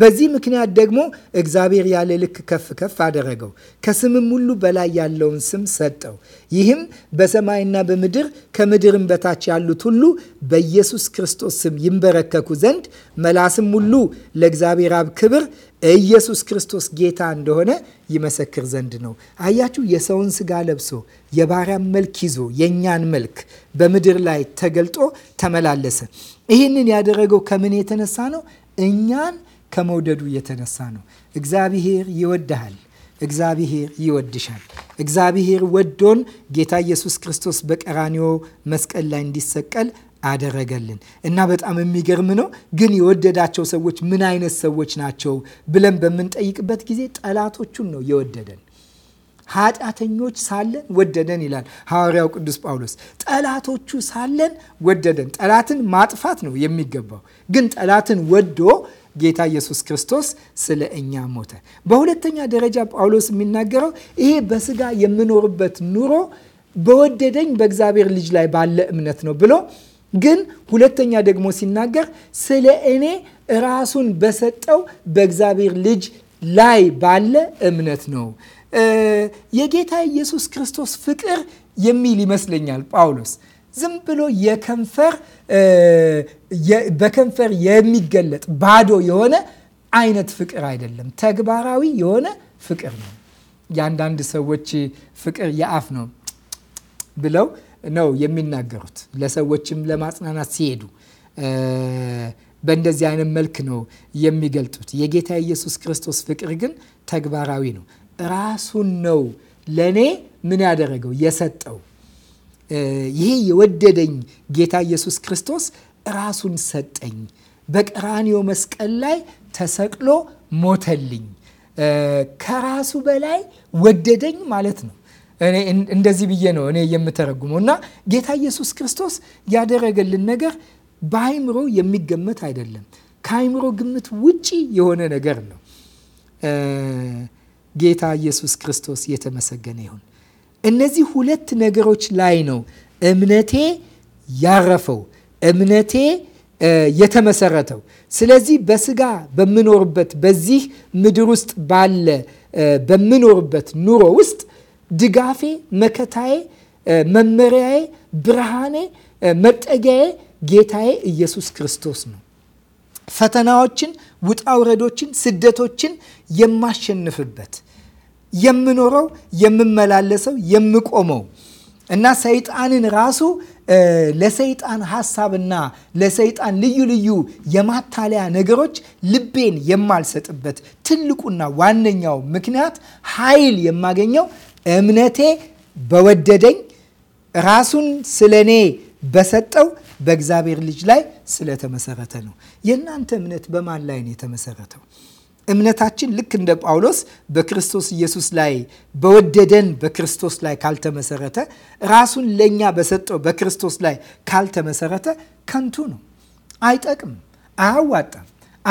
በዚህ ምክንያት ደግሞ እግዚአብሔር ያለ ልክ ከፍ ከፍ አደረገው፣ ከስምም ሁሉ በላይ ያለውን ስም ሰጠው። ይህም በሰማይና በምድር ከምድርም በታች ያሉት ሁሉ በኢየሱስ ክርስቶስ ስም ይንበረከኩ ዘንድ መላስም ሁሉ ለእግዚአብሔር አብ ክብር ኢየሱስ ክርስቶስ ጌታ እንደሆነ ይመሰክር ዘንድ ነው። አያችሁ፣ የሰውን ስጋ ለብሶ የባሪያ መልክ ይዞ የእኛን መልክ በምድር ላይ ተገልጦ ተመላለሰ። ይህንን ያደረገው ከምን የተነሳ ነው? እኛን ከመውደዱ የተነሳ ነው። እግዚአብሔር ይወድሃል። እግዚአብሔር ይወድሻል። እግዚአብሔር ወዶን ጌታ ኢየሱስ ክርስቶስ በቀራኒዮ መስቀል ላይ እንዲሰቀል አደረገልን እና በጣም የሚገርም ነው። ግን የወደዳቸው ሰዎች ምን አይነት ሰዎች ናቸው ብለን በምንጠይቅበት ጊዜ ጠላቶቹን ነው የወደደን። ኃጢአተኞች ሳለን ወደደን ይላል ሐዋርያው ቅዱስ ጳውሎስ። ጠላቶቹ ሳለን ወደደን። ጠላትን ማጥፋት ነው የሚገባው፣ ግን ጠላትን ወዶ ጌታ ኢየሱስ ክርስቶስ ስለ እኛ ሞተ። በሁለተኛ ደረጃ ጳውሎስ የሚናገረው ይሄ በስጋ የምኖርበት ኑሮ በወደደኝ በእግዚአብሔር ልጅ ላይ ባለ እምነት ነው ብሎ ግን ሁለተኛ ደግሞ ሲናገር ስለ እኔ ራሱን በሰጠው በእግዚአብሔር ልጅ ላይ ባለ እምነት ነው። የጌታ ኢየሱስ ክርስቶስ ፍቅር የሚል ይመስለኛል ጳውሎስ ዝም ብሎ የከንፈር በከንፈር የሚገለጥ ባዶ የሆነ አይነት ፍቅር አይደለም። ተግባራዊ የሆነ ፍቅር ነው። የአንዳንድ ሰዎች ፍቅር የአፍ ነው ብለው ነው የሚናገሩት። ለሰዎችም ለማጽናናት ሲሄዱ በእንደዚህ አይነት መልክ ነው የሚገልጡት። የጌታ ኢየሱስ ክርስቶስ ፍቅር ግን ተግባራዊ ነው። ራሱን ነው ለእኔ ምን ያደረገው የሰጠው። ይሄ የወደደኝ ጌታ ኢየሱስ ክርስቶስ ራሱን ሰጠኝ። በቀራንዮ መስቀል ላይ ተሰቅሎ ሞተልኝ። ከራሱ በላይ ወደደኝ ማለት ነው። እኔ እንደዚህ ብዬ ነው እኔ የምተረጉመው እና ጌታ ኢየሱስ ክርስቶስ ያደረገልን ነገር በአይምሮ የሚገመት አይደለም። ከአይምሮ ግምት ውጪ የሆነ ነገር ነው። ጌታ ኢየሱስ ክርስቶስ የተመሰገነ ይሁን። እነዚህ ሁለት ነገሮች ላይ ነው እምነቴ ያረፈው፣ እምነቴ የተመሰረተው። ስለዚህ በስጋ በምኖርበት በዚህ ምድር ውስጥ ባለ በምኖርበት ኑሮ ውስጥ ድጋፌ፣ መከታዬ፣ መመሪያዬ፣ ብርሃኔ፣ መጠጊያዬ ጌታዬ ኢየሱስ ክርስቶስ ነው። ፈተናዎችን፣ ውጣ ውረዶችን፣ ስደቶችን የማሸንፍበት የምኖረው፣ የምመላለሰው፣ የምቆመው እና ሰይጣንን ራሱ ለሰይጣን ሀሳብና ለሰይጣን ልዩ ልዩ የማታለያ ነገሮች ልቤን የማልሰጥበት ትልቁና ዋነኛው ምክንያት ኃይል የማገኘው እምነቴ በወደደኝ ራሱን ስለ እኔ በሰጠው በእግዚአብሔር ልጅ ላይ ስለተመሰረተ ነው። የእናንተ እምነት በማን ላይ ነው የተመሰረተው? እምነታችን ልክ እንደ ጳውሎስ በክርስቶስ ኢየሱስ ላይ በወደደን በክርስቶስ ላይ ካልተመሰረተ፣ ራሱን ለእኛ በሰጠው በክርስቶስ ላይ ካልተመሰረተ ከንቱ ነው። አይጠቅምም፣ አያዋጣም፣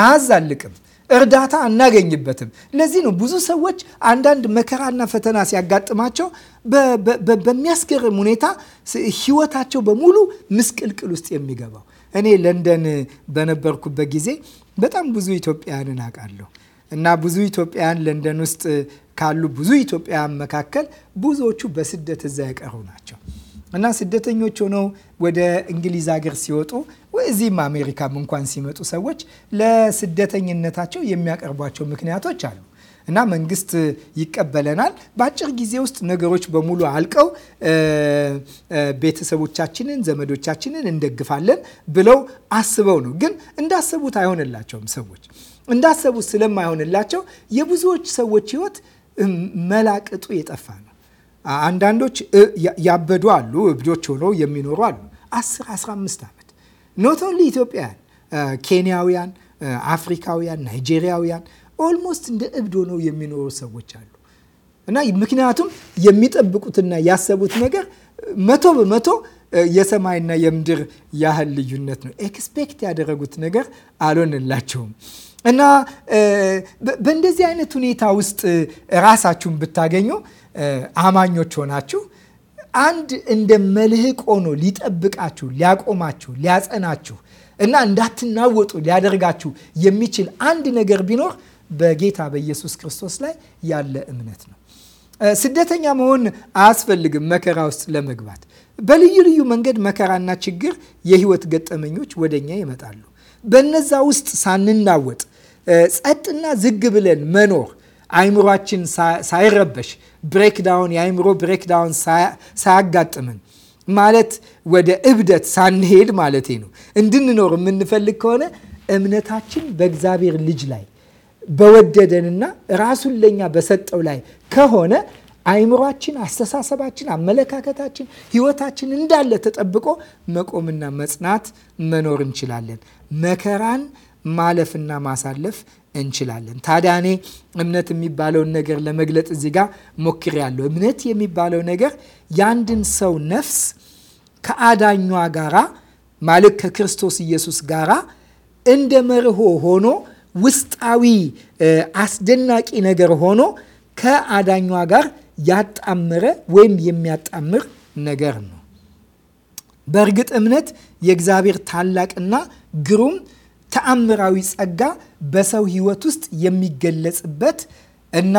አያዛልቅም። እርዳታ አናገኝበትም። ለዚህ ነው ብዙ ሰዎች አንዳንድ መከራና ፈተና ሲያጋጥማቸው በሚያስገርም ሁኔታ ህይወታቸው በሙሉ ምስቅልቅል ውስጥ የሚገባው። እኔ ለንደን በነበርኩበት ጊዜ በጣም ብዙ ኢትዮጵያውያንን አውቃለሁ እና ብዙ ኢትዮጵያውያን ለንደን ውስጥ ካሉ ብዙ ኢትዮጵያውያን መካከል ብዙዎቹ በስደት እዛ የቀሩ ናቸው። እና ስደተኞች ሆነው ወደ እንግሊዝ ሀገር ሲወጡ እዚህም አሜሪካም እንኳን ሲመጡ ሰዎች ለስደተኝነታቸው የሚያቀርቧቸው ምክንያቶች አሉ እና መንግስት ይቀበለናል። በአጭር ጊዜ ውስጥ ነገሮች በሙሉ አልቀው ቤተሰቦቻችንን፣ ዘመዶቻችንን እንደግፋለን ብለው አስበው ነው። ግን እንዳሰቡት አይሆንላቸውም። ሰዎች እንዳሰቡት ስለማይሆንላቸው የብዙዎች ሰዎች ህይወት መላቅጡ የጠፋ ነው። አንዳንዶች ያበዱ አሉ፣ እብዶች ሆነው የሚኖሩ አሉ። 10 15 ዓመት ኖት ኦንሊ ኢትዮጵያውያን፣ ኬንያውያን፣ አፍሪካውያን፣ ናይጄሪያውያን ኦልሞስት እንደ እብድ ሆነው የሚኖሩ ሰዎች አሉ እና ምክንያቱም የሚጠብቁትና ያሰቡት ነገር መቶ በመቶ የሰማይና የምድር ያህል ልዩነት ነው። ኤክስፔክት ያደረጉት ነገር አልሆንላቸውም። እና በእንደዚህ አይነት ሁኔታ ውስጥ ራሳችሁን ብታገኙ አማኞች ሆናችሁ አንድ እንደ መልህቅ ሆኖ ሊጠብቃችሁ፣ ሊያቆማችሁ፣ ሊያጸናችሁ እና እንዳትናወጡ ሊያደርጋችሁ የሚችል አንድ ነገር ቢኖር በጌታ በኢየሱስ ክርስቶስ ላይ ያለ እምነት ነው። ስደተኛ መሆን አያስፈልግም መከራ ውስጥ ለመግባት። በልዩ ልዩ መንገድ መከራና ችግር የህይወት ገጠመኞች ወደኛ ይመጣሉ። በነዛ ውስጥ ሳንናወጥ ጸጥና ዝግ ብለን መኖር አይምሯችን ሳይረበሽ ብሬክዳውን የአይምሮ ብሬክዳውን ሳያጋጥምን ማለት ወደ እብደት ሳንሄድ ማለት ነው። እንድንኖር የምንፈልግ ከሆነ እምነታችን በእግዚአብሔር ልጅ ላይ በወደደንና ራሱን ለኛ በሰጠው ላይ ከሆነ አይምሯችን፣ አስተሳሰባችን፣ አመለካከታችን፣ ህይወታችን እንዳለ ተጠብቆ መቆምና መጽናት መኖር እንችላለን መከራን ማለፍና ማሳለፍ እንችላለን። ታዲያ እኔ እምነት የሚባለውን ነገር ለመግለጥ እዚህ ጋር ሞክሬያለሁ። እምነት የሚባለው ነገር የአንድን ሰው ነፍስ ከአዳኟ ጋራ ማለት ከክርስቶስ ኢየሱስ ጋራ እንደ መርሆ ሆኖ ውስጣዊ አስደናቂ ነገር ሆኖ ከአዳኟ ጋር ያጣመረ ወይም የሚያጣምር ነገር ነው። በእርግጥ እምነት የእግዚአብሔር ታላቅና ግሩም ተአምራዊ ጸጋ በሰው ህይወት ውስጥ የሚገለጽበት እና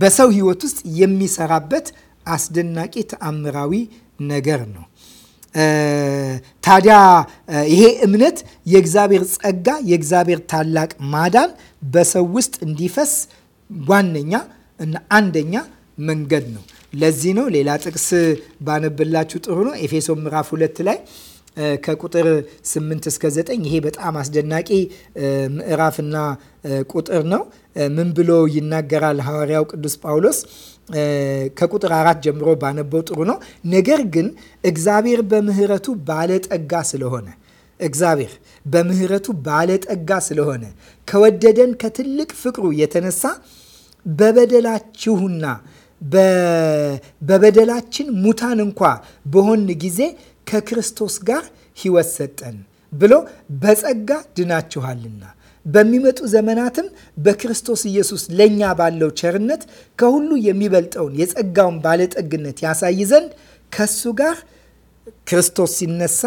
በሰው ህይወት ውስጥ የሚሰራበት አስደናቂ ተአምራዊ ነገር ነው። ታዲያ ይሄ እምነት የእግዚአብሔር ጸጋ፣ የእግዚአብሔር ታላቅ ማዳን በሰው ውስጥ እንዲፈስ ዋነኛ እና አንደኛ መንገድ ነው። ለዚህ ነው ሌላ ጥቅስ ባነብላችሁ ጥሩ ነው። ኤፌሶን ምዕራፍ ሁለት ላይ ከቁጥር 8 እስከ 9 ይሄ በጣም አስደናቂ ምዕራፍና ቁጥር ነው። ምን ብሎ ይናገራል ሐዋርያው ቅዱስ ጳውሎስ? ከቁጥር አራት ጀምሮ ባነበው ጥሩ ነው። ነገር ግን እግዚአብሔር በምህረቱ ባለጠጋ ስለሆነ እግዚአብሔር በምህረቱ ባለጠጋ ስለሆነ ከወደደን ከትልቅ ፍቅሩ የተነሳ በበደላችሁና በበደላችን ሙታን እንኳ በሆን ጊዜ ከክርስቶስ ጋር ሕይወት ሰጠን ብሎ በጸጋ ድናችኋልና በሚመጡ ዘመናትም በክርስቶስ ኢየሱስ ለእኛ ባለው ቸርነት ከሁሉ የሚበልጠውን የጸጋውን ባለጠግነት ያሳይ ዘንድ ከሱ ጋር ክርስቶስ ሲነሳ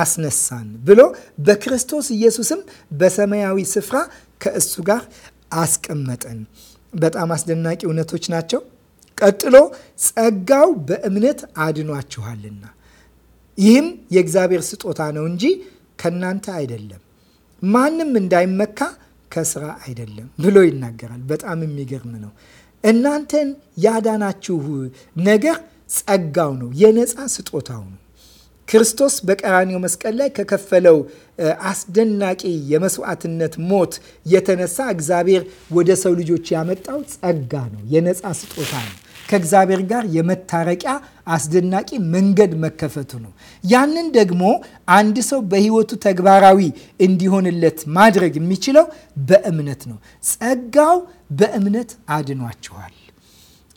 አስነሳን ብሎ በክርስቶስ ኢየሱስም በሰማያዊ ስፍራ ከእሱ ጋር አስቀመጠን። በጣም አስደናቂ እውነቶች ናቸው። ቀጥሎ ጸጋው በእምነት አድኗችኋልና ይህም የእግዚአብሔር ስጦታ ነው እንጂ ከእናንተ አይደለም፣ ማንም እንዳይመካ ከስራ አይደለም ብሎ ይናገራል። በጣም የሚገርም ነው። እናንተን ያዳናችሁ ነገር ጸጋው ነው፣ የነፃ ስጦታው ነው። ክርስቶስ በቀራኒው መስቀል ላይ ከከፈለው አስደናቂ የመስዋዕትነት ሞት የተነሳ እግዚአብሔር ወደ ሰው ልጆች ያመጣው ጸጋ ነው፣ የነፃ ስጦታ ነው። ከእግዚአብሔር ጋር የመታረቂያ አስደናቂ መንገድ መከፈቱ ነው። ያንን ደግሞ አንድ ሰው በሕይወቱ ተግባራዊ እንዲሆንለት ማድረግ የሚችለው በእምነት ነው። ጸጋው በእምነት አድኗችኋል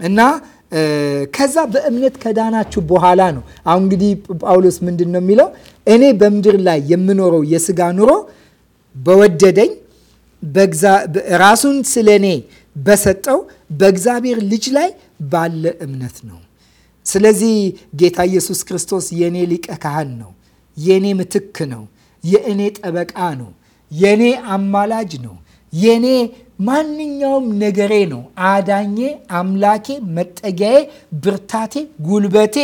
እና ከዛ በእምነት ከዳናችሁ በኋላ ነው። አሁን እንግዲህ ጳውሎስ ምንድን ነው የሚለው? እኔ በምድር ላይ የምኖረው የስጋ ኑሮ በወደደኝ ራሱን ስለ እኔ በሰጠው በእግዚአብሔር ልጅ ላይ ባለ እምነት ነው። ስለዚህ ጌታ ኢየሱስ ክርስቶስ የኔ ሊቀ ካህን ነው፣ የኔ ምትክ ነው፣ የእኔ ጠበቃ ነው፣ የኔ አማላጅ ነው፣ የኔ ማንኛውም ነገሬ ነው። አዳኜ፣ አምላኬ፣ መጠጊያዬ፣ ብርታቴ፣ ጉልበቴ፣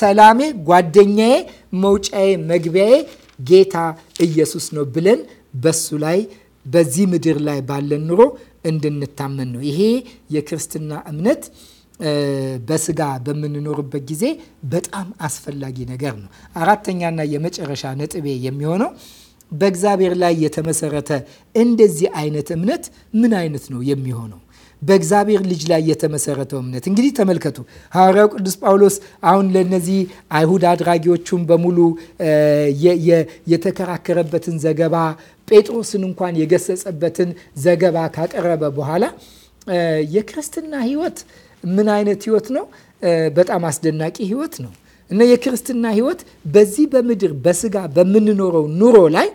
ሰላሜ፣ ጓደኛዬ፣ መውጫዬ፣ መግቢያዬ ጌታ ኢየሱስ ነው ብለን በሱ ላይ በዚህ ምድር ላይ ባለን ኑሮ እንድንታመን ነው። ይሄ የክርስትና እምነት በስጋ በምንኖርበት ጊዜ በጣም አስፈላጊ ነገር ነው። አራተኛና የመጨረሻ ነጥቤ የሚሆነው በእግዚአብሔር ላይ የተመሰረተ እንደዚህ አይነት እምነት ምን አይነት ነው የሚሆነው? በእግዚአብሔር ልጅ ላይ የተመሰረተው እምነት እንግዲህ ተመልከቱ። ሐዋርያው ቅዱስ ጳውሎስ አሁን ለነዚህ አይሁድ አድራጊዎቹን በሙሉ የተከራከረበትን ዘገባ፣ ጴጥሮስን እንኳን የገሰጸበትን ዘገባ ካቀረበ በኋላ የክርስትና ሕይወት ምን አይነት ህይወት ነው? በጣም አስደናቂ ህይወት ነው እና የክርስትና ህይወት በዚህ በምድር በስጋ በምንኖረው ኑሮ ላይ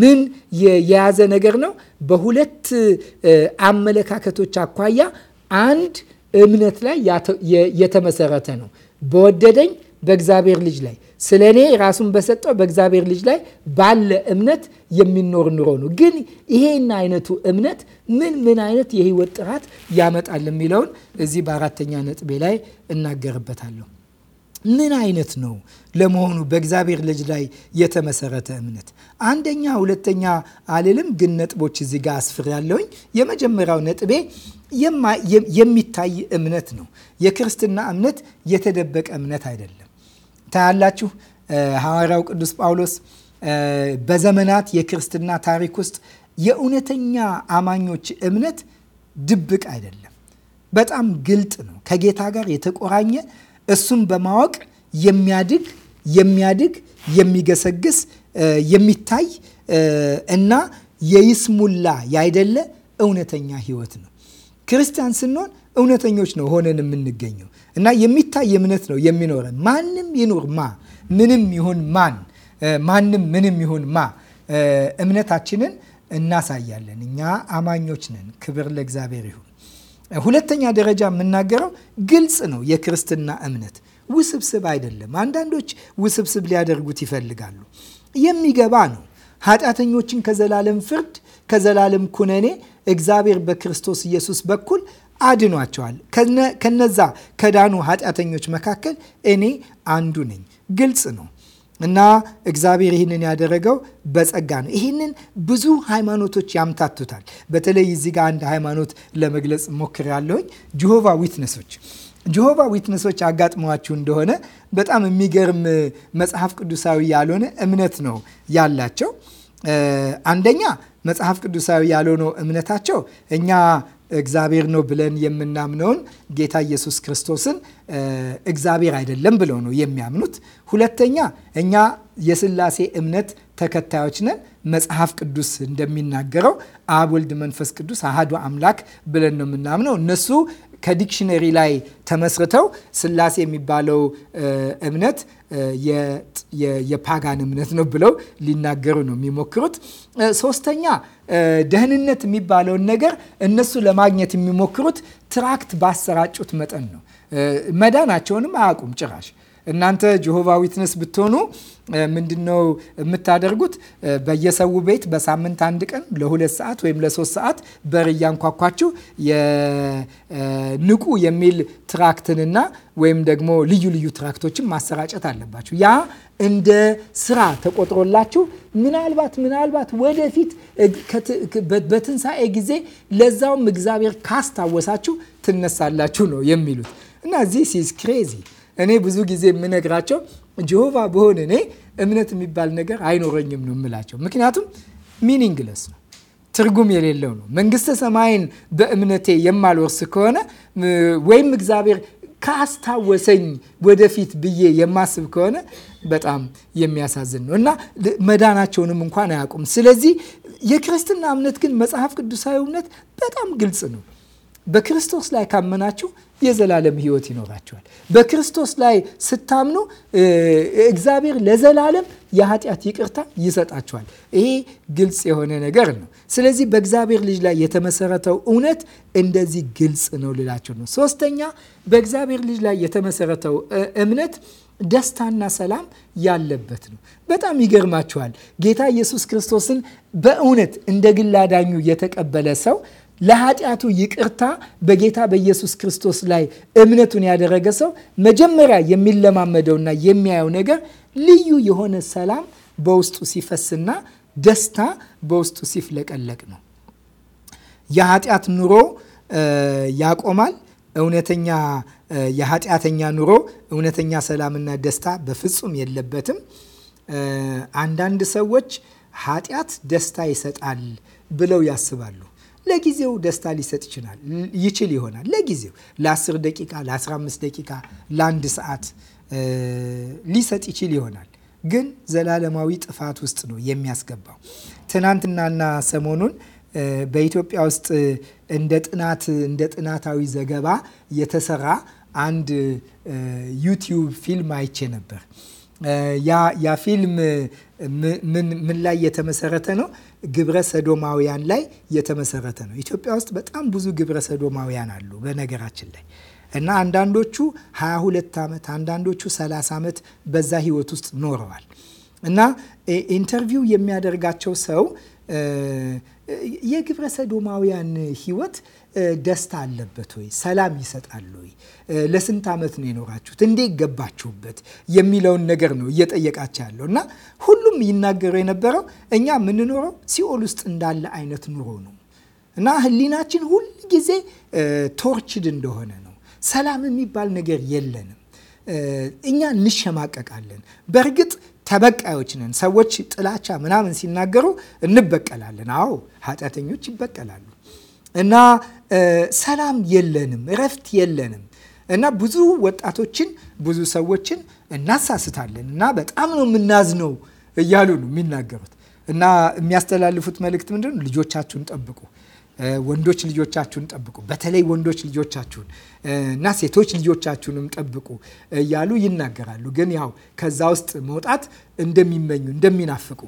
ምን የያዘ ነገር ነው? በሁለት አመለካከቶች አኳያ አንድ እምነት ላይ የተመሰረተ ነው። በወደደኝ በእግዚአብሔር ልጅ ላይ ስለ እኔ ራሱን በሰጠው በእግዚአብሔር ልጅ ላይ ባለ እምነት የሚኖር ኑሮ ነው። ግን ይሄን አይነቱ እምነት ምን ምን አይነት የህይወት ጥራት ያመጣል የሚለውን እዚህ በአራተኛ ነጥቤ ላይ እናገርበታለሁ። ምን አይነት ነው ለመሆኑ በእግዚአብሔር ልጅ ላይ የተመሰረተ እምነት? አንደኛ ሁለተኛ አልልም፣ ግን ነጥቦች እዚህ ጋር አስፍር ያለውኝ። የመጀመሪያው ነጥቤ የሚታይ እምነት ነው። የክርስትና እምነት የተደበቀ እምነት አይደለም። ታያላችሁ። ሐዋርያው ቅዱስ ጳውሎስ በዘመናት የክርስትና ታሪክ ውስጥ የእውነተኛ አማኞች እምነት ድብቅ አይደለም፣ በጣም ግልጥ ነው። ከጌታ ጋር የተቆራኘ እሱም በማወቅ የሚያድግ የሚያድግ የሚገሰግስ የሚታይ እና የይስሙላ ያይደለ እውነተኛ ህይወት ነው። ክርስቲያን ስንሆን እውነተኞች ነው ሆነን የምንገኘው። እና የሚታይ እምነት ነው የሚኖረን። ማንም ይኑር ማ ምንም ይሁን ማን ማንም ምንም ይሁን ማ እምነታችንን እናሳያለን። እኛ አማኞች ነን። ክብር ለእግዚአብሔር ይሁን። ሁለተኛ ደረጃ የምናገረው ግልጽ ነው። የክርስትና እምነት ውስብስብ አይደለም። አንዳንዶች ውስብስብ ሊያደርጉት ይፈልጋሉ። የሚገባ ነው። ኃጢአተኞችን ከዘላለም ፍርድ ከዘላለም ኩነኔ እግዚአብሔር በክርስቶስ ኢየሱስ በኩል አድኗቸዋል። ከነዛ ከዳኑ ኃጢአተኞች መካከል እኔ አንዱ ነኝ። ግልጽ ነው እና እግዚአብሔር ይህንን ያደረገው በጸጋ ነው። ይህንን ብዙ ሃይማኖቶች ያምታቱታል። በተለይ እዚህ ጋር አንድ ሃይማኖት ለመግለጽ ሞክሬያለሁኝ። ጆሆቫ ዊትነሶች ጆሆቫ ዊትነሶች አጋጥመዋችሁ እንደሆነ በጣም የሚገርም መጽሐፍ ቅዱሳዊ ያልሆነ እምነት ነው ያላቸው። አንደኛ መጽሐፍ ቅዱሳዊ ያልሆነው እምነታቸው እኛ እግዚአብሔር ነው ብለን የምናምነውን ጌታ ኢየሱስ ክርስቶስን እግዚአብሔር አይደለም ብለው ነው የሚያምኑት። ሁለተኛ እኛ የስላሴ እምነት ተከታዮች ነን። መጽሐፍ ቅዱስ እንደሚናገረው አብ፣ ወልድ፣ መንፈስ ቅዱስ አህዱ አምላክ ብለን ነው የምናምነው። እነሱ ከዲክሽነሪ ላይ ተመስርተው ስላሴ የሚባለው እምነት የፓጋን እምነት ነው ብለው ሊናገሩ ነው የሚሞክሩት። ሶስተኛ ደህንነት የሚባለውን ነገር እነሱ ለማግኘት የሚሞክሩት ትራክት ባሰራጩት መጠን ነው። መዳናቸውንም አያውቁም ጭራሽ። እናንተ ጆሆቫ ዊትነስ ብትሆኑ ምንድነው የምታደርጉት? በየሰው ቤት በሳምንት አንድ ቀን ለሁለት ሰዓት ወይም ለሶስት ሰዓት በር እያንኳኳችሁ ንቁ የሚል ትራክትንና ወይም ደግሞ ልዩ ልዩ ትራክቶችን ማሰራጨት አለባችሁ። ያ እንደ ስራ ተቆጥሮላችሁ ምናልባት ምናልባት ወደፊት በትንሣኤ ጊዜ ለዛውም እግዚአብሔር ካስታወሳችሁ ትነሳላችሁ ነው የሚሉት እና ዚስ ኢዝ ክሬዚ እኔ ብዙ ጊዜ የምነግራቸው ጀሆቫ በሆነ እኔ እምነት የሚባል ነገር አይኖረኝም ነው የምላቸው። ምክንያቱም ሚኒንግለስ ነው፣ ትርጉም የሌለው ነው። መንግስተ ሰማይን በእምነቴ የማልወርስ ከሆነ ወይም እግዚአብሔር ካስታወሰኝ ወደፊት ብዬ የማስብ ከሆነ በጣም የሚያሳዝን ነው እና መዳናቸውንም እንኳን አያውቁም። ስለዚህ የክርስትና እምነት ግን መጽሐፍ ቅዱሳዊ እምነት በጣም ግልጽ ነው። በክርስቶስ ላይ ካመናችሁ የዘላለም ህይወት ይኖራቸዋል። በክርስቶስ ላይ ስታምኑ እግዚአብሔር ለዘላለም የኃጢአት ይቅርታ ይሰጣቸዋል። ይሄ ግልጽ የሆነ ነገር ነው። ስለዚህ በእግዚአብሔር ልጅ ላይ የተመሰረተው እውነት እንደዚህ ግልጽ ነው ልላቸው ነው። ሶስተኛ በእግዚአብሔር ልጅ ላይ የተመሰረተው እምነት ደስታና ሰላም ያለበት ነው። በጣም ይገርማችኋል። ጌታ ኢየሱስ ክርስቶስን በእውነት እንደ ግል አዳኙ የተቀበለ ሰው ለኃጢአቱ ይቅርታ በጌታ በኢየሱስ ክርስቶስ ላይ እምነቱን ያደረገ ሰው መጀመሪያ የሚለማመደውና የሚያየው ነገር ልዩ የሆነ ሰላም በውስጡ ሲፈስና ደስታ በውስጡ ሲፍለቀለቅ ነው። የኃጢአት ኑሮ ያቆማል። እውነተኛ የኃጢአተኛ ኑሮ እውነተኛ ሰላምና ደስታ በፍጹም የለበትም። አንዳንድ ሰዎች ኃጢአት ደስታ ይሰጣል ብለው ያስባሉ። ለጊዜው ደስታ ሊሰጥ ይችላል ይችል ይሆናል ለጊዜው ለ10 ደቂቃ ለ15 ደቂቃ ለአንድ ሰዓት ሊሰጥ ይችል ይሆናል ግን ዘላለማዊ ጥፋት ውስጥ ነው የሚያስገባው። ትናንትናና ሰሞኑን በኢትዮጵያ ውስጥ እንደ ጥናት እንደ ጥናታዊ ዘገባ የተሰራ አንድ ዩቲዩብ ፊልም አይቼ ነበር። ያ ፊልም ምን ላይ የተመሰረተ ነው? ግብረ ሰዶማውያን ላይ የተመሰረተ ነው። ኢትዮጵያ ውስጥ በጣም ብዙ ግብረ ሰዶማውያን አሉ በነገራችን ላይ እና አንዳንዶቹ 22 ዓመት አንዳንዶቹ 30 ዓመት በዛ ህይወት ውስጥ ኖረዋል። እና ኢንተርቪው የሚያደርጋቸው ሰው የግብረ ሰዶማውያን ህይወት ደስታ አለበት ወይ? ሰላም ይሰጣል ወይ? ለስንት ዓመት ነው የኖራችሁት? እንዴ ገባችሁበት? የሚለውን ነገር ነው እየጠየቃቸው ያለው እና ሁሉም ይናገሩ የነበረው እኛ የምንኖረው ሲኦል ውስጥ እንዳለ አይነት ኑሮ ነው እና ህሊናችን ሁል ጊዜ ቶርችድ እንደሆነ ነው። ሰላም የሚባል ነገር የለንም። እኛ እንሸማቀቃለን። በእርግጥ ተበቃዮች ነን። ሰዎች ጥላቻ ምናምን ሲናገሩ እንበቀላለን። አዎ ኃጢአተኞች ይበቀላሉ። እና ሰላም የለንም፣ እረፍት የለንም እና ብዙ ወጣቶችን ብዙ ሰዎችን እናሳስታለን እና በጣም ነው የምናዝነው እያሉ ነው የሚናገሩት። እና የሚያስተላልፉት መልእክት ምንድን ነው? ልጆቻችሁን ጠብቁ። ወንዶች ልጆቻችሁን ጠብቁ። በተለይ ወንዶች ልጆቻችሁን እና ሴቶች ልጆቻችሁንም ጠብቁ እያሉ ይናገራሉ። ግን ያው ከዛ ውስጥ መውጣት እንደሚመኙ እንደሚናፍቁ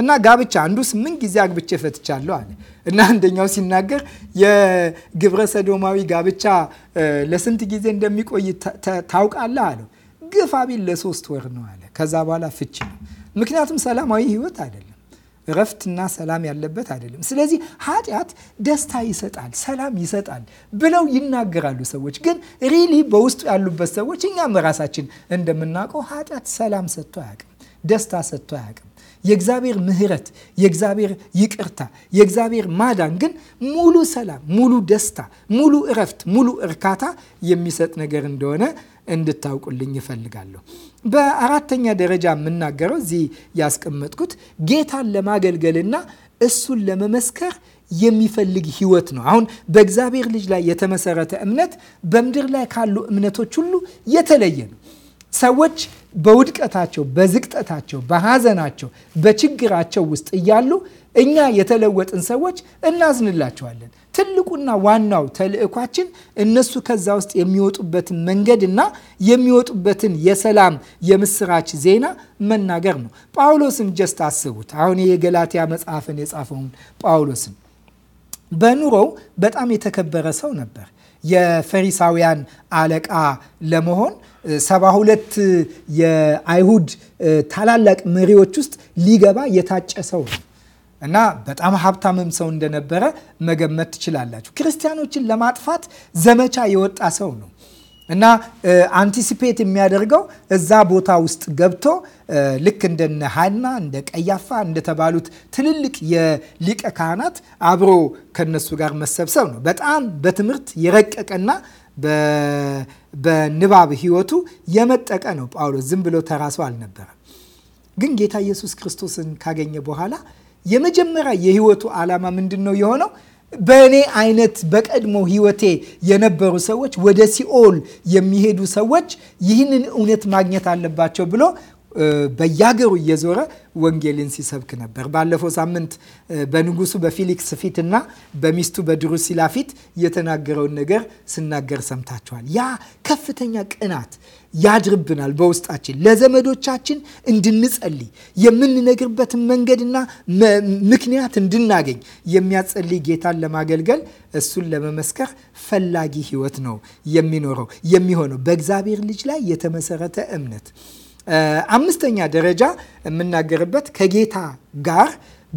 እና ጋብቻ አንዱ ስምንት ጊዜ አግብቼ ፈትቻለሁ አለ እና አንደኛው ሲናገር የግብረ ሰዶማዊ ጋብቻ ለስንት ጊዜ እንደሚቆይ ታውቃለህ አለው። ግፋ ቢል ለሶስት ወር ነው አለ። ከዛ በኋላ ፍች ነው። ምክንያቱም ሰላማዊ ህይወት አይደለም፣ እረፍትና ሰላም ያለበት አይደለም። ስለዚህ ኃጢአት ደስታ ይሰጣል፣ ሰላም ይሰጣል ብለው ይናገራሉ ሰዎች። ግን ሪሊ በውስጡ ያሉበት ሰዎች እኛም ራሳችን እንደምናውቀው ኃጢአት ሰላም ሰጥቶ አያውቅም፣ ደስታ ሰጥቶ አያውቅም። የእግዚአብሔር ምሕረት፣ የእግዚአብሔር ይቅርታ፣ የእግዚአብሔር ማዳን ግን ሙሉ ሰላም፣ ሙሉ ደስታ፣ ሙሉ እረፍት፣ ሙሉ እርካታ የሚሰጥ ነገር እንደሆነ እንድታውቁልኝ ይፈልጋለሁ። በአራተኛ ደረጃ የምናገረው እዚህ ያስቀመጥኩት ጌታን ለማገልገልና እሱን ለመመስከር የሚፈልግ ህይወት ነው። አሁን በእግዚአብሔር ልጅ ላይ የተመሰረተ እምነት በምድር ላይ ካሉ እምነቶች ሁሉ የተለየ ነው። ሰዎች በውድቀታቸው፣ በዝቅጠታቸው፣ በሐዘናቸው፣ በችግራቸው ውስጥ እያሉ እኛ የተለወጥን ሰዎች እናዝንላቸዋለን። ትልቁና ዋናው ተልዕኳችን እነሱ ከዛ ውስጥ የሚወጡበትን መንገድ እና የሚወጡበትን የሰላም የምስራች ዜና መናገር ነው። ጳውሎስን ጀስት አስቡት። አሁን የገላትያ መጽሐፍን የጻፈውን ጳውሎስን በኑሮው በጣም የተከበረ ሰው ነበር። የፈሪሳውያን አለቃ ለመሆን ሰባ ሁለት የአይሁድ ታላላቅ መሪዎች ውስጥ ሊገባ የታጨ ሰው ነው እና በጣም ሀብታምም ሰው እንደነበረ መገመት ትችላላችሁ። ክርስቲያኖችን ለማጥፋት ዘመቻ የወጣ ሰው ነው እና አንቲሲፔት የሚያደርገው እዛ ቦታ ውስጥ ገብቶ ልክ እንደነ ሐና እንደ ቀያፋ እንደተባሉት ትልልቅ የሊቀ ካህናት አብሮ ከነሱ ጋር መሰብሰብ ነው። በጣም በትምህርት የረቀቀና በንባብ ህይወቱ የመጠቀ ነው። ጳውሎስ ዝም ብሎ ተራሶ አልነበረም። ግን ጌታ ኢየሱስ ክርስቶስን ካገኘ በኋላ የመጀመሪያ የህይወቱ ዓላማ ምንድን ነው የሆነው? በእኔ አይነት በቀድሞ ህይወቴ የነበሩ ሰዎች፣ ወደ ሲኦል የሚሄዱ ሰዎች ይህንን እውነት ማግኘት አለባቸው ብሎ በያገሩ እየዞረ ወንጌልን ሲሰብክ ነበር። ባለፈው ሳምንት በንጉሱ በፊሊክስ ፊት እና በሚስቱ በድሩሲላ ፊት የተናገረውን ነገር ስናገር ሰምታችኋል። ያ ከፍተኛ ቅናት ያድርብናል በውስጣችን። ለዘመዶቻችን እንድንጸልይ የምንነግርበትን መንገድና ምክንያት እንድናገኝ የሚያጸልይ ጌታን ለማገልገል እሱን ለመመስከር ፈላጊ ህይወት ነው የሚኖረው የሚሆነው በእግዚአብሔር ልጅ ላይ የተመሰረተ እምነት አምስተኛ ደረጃ የምናገርበት ከጌታ ጋር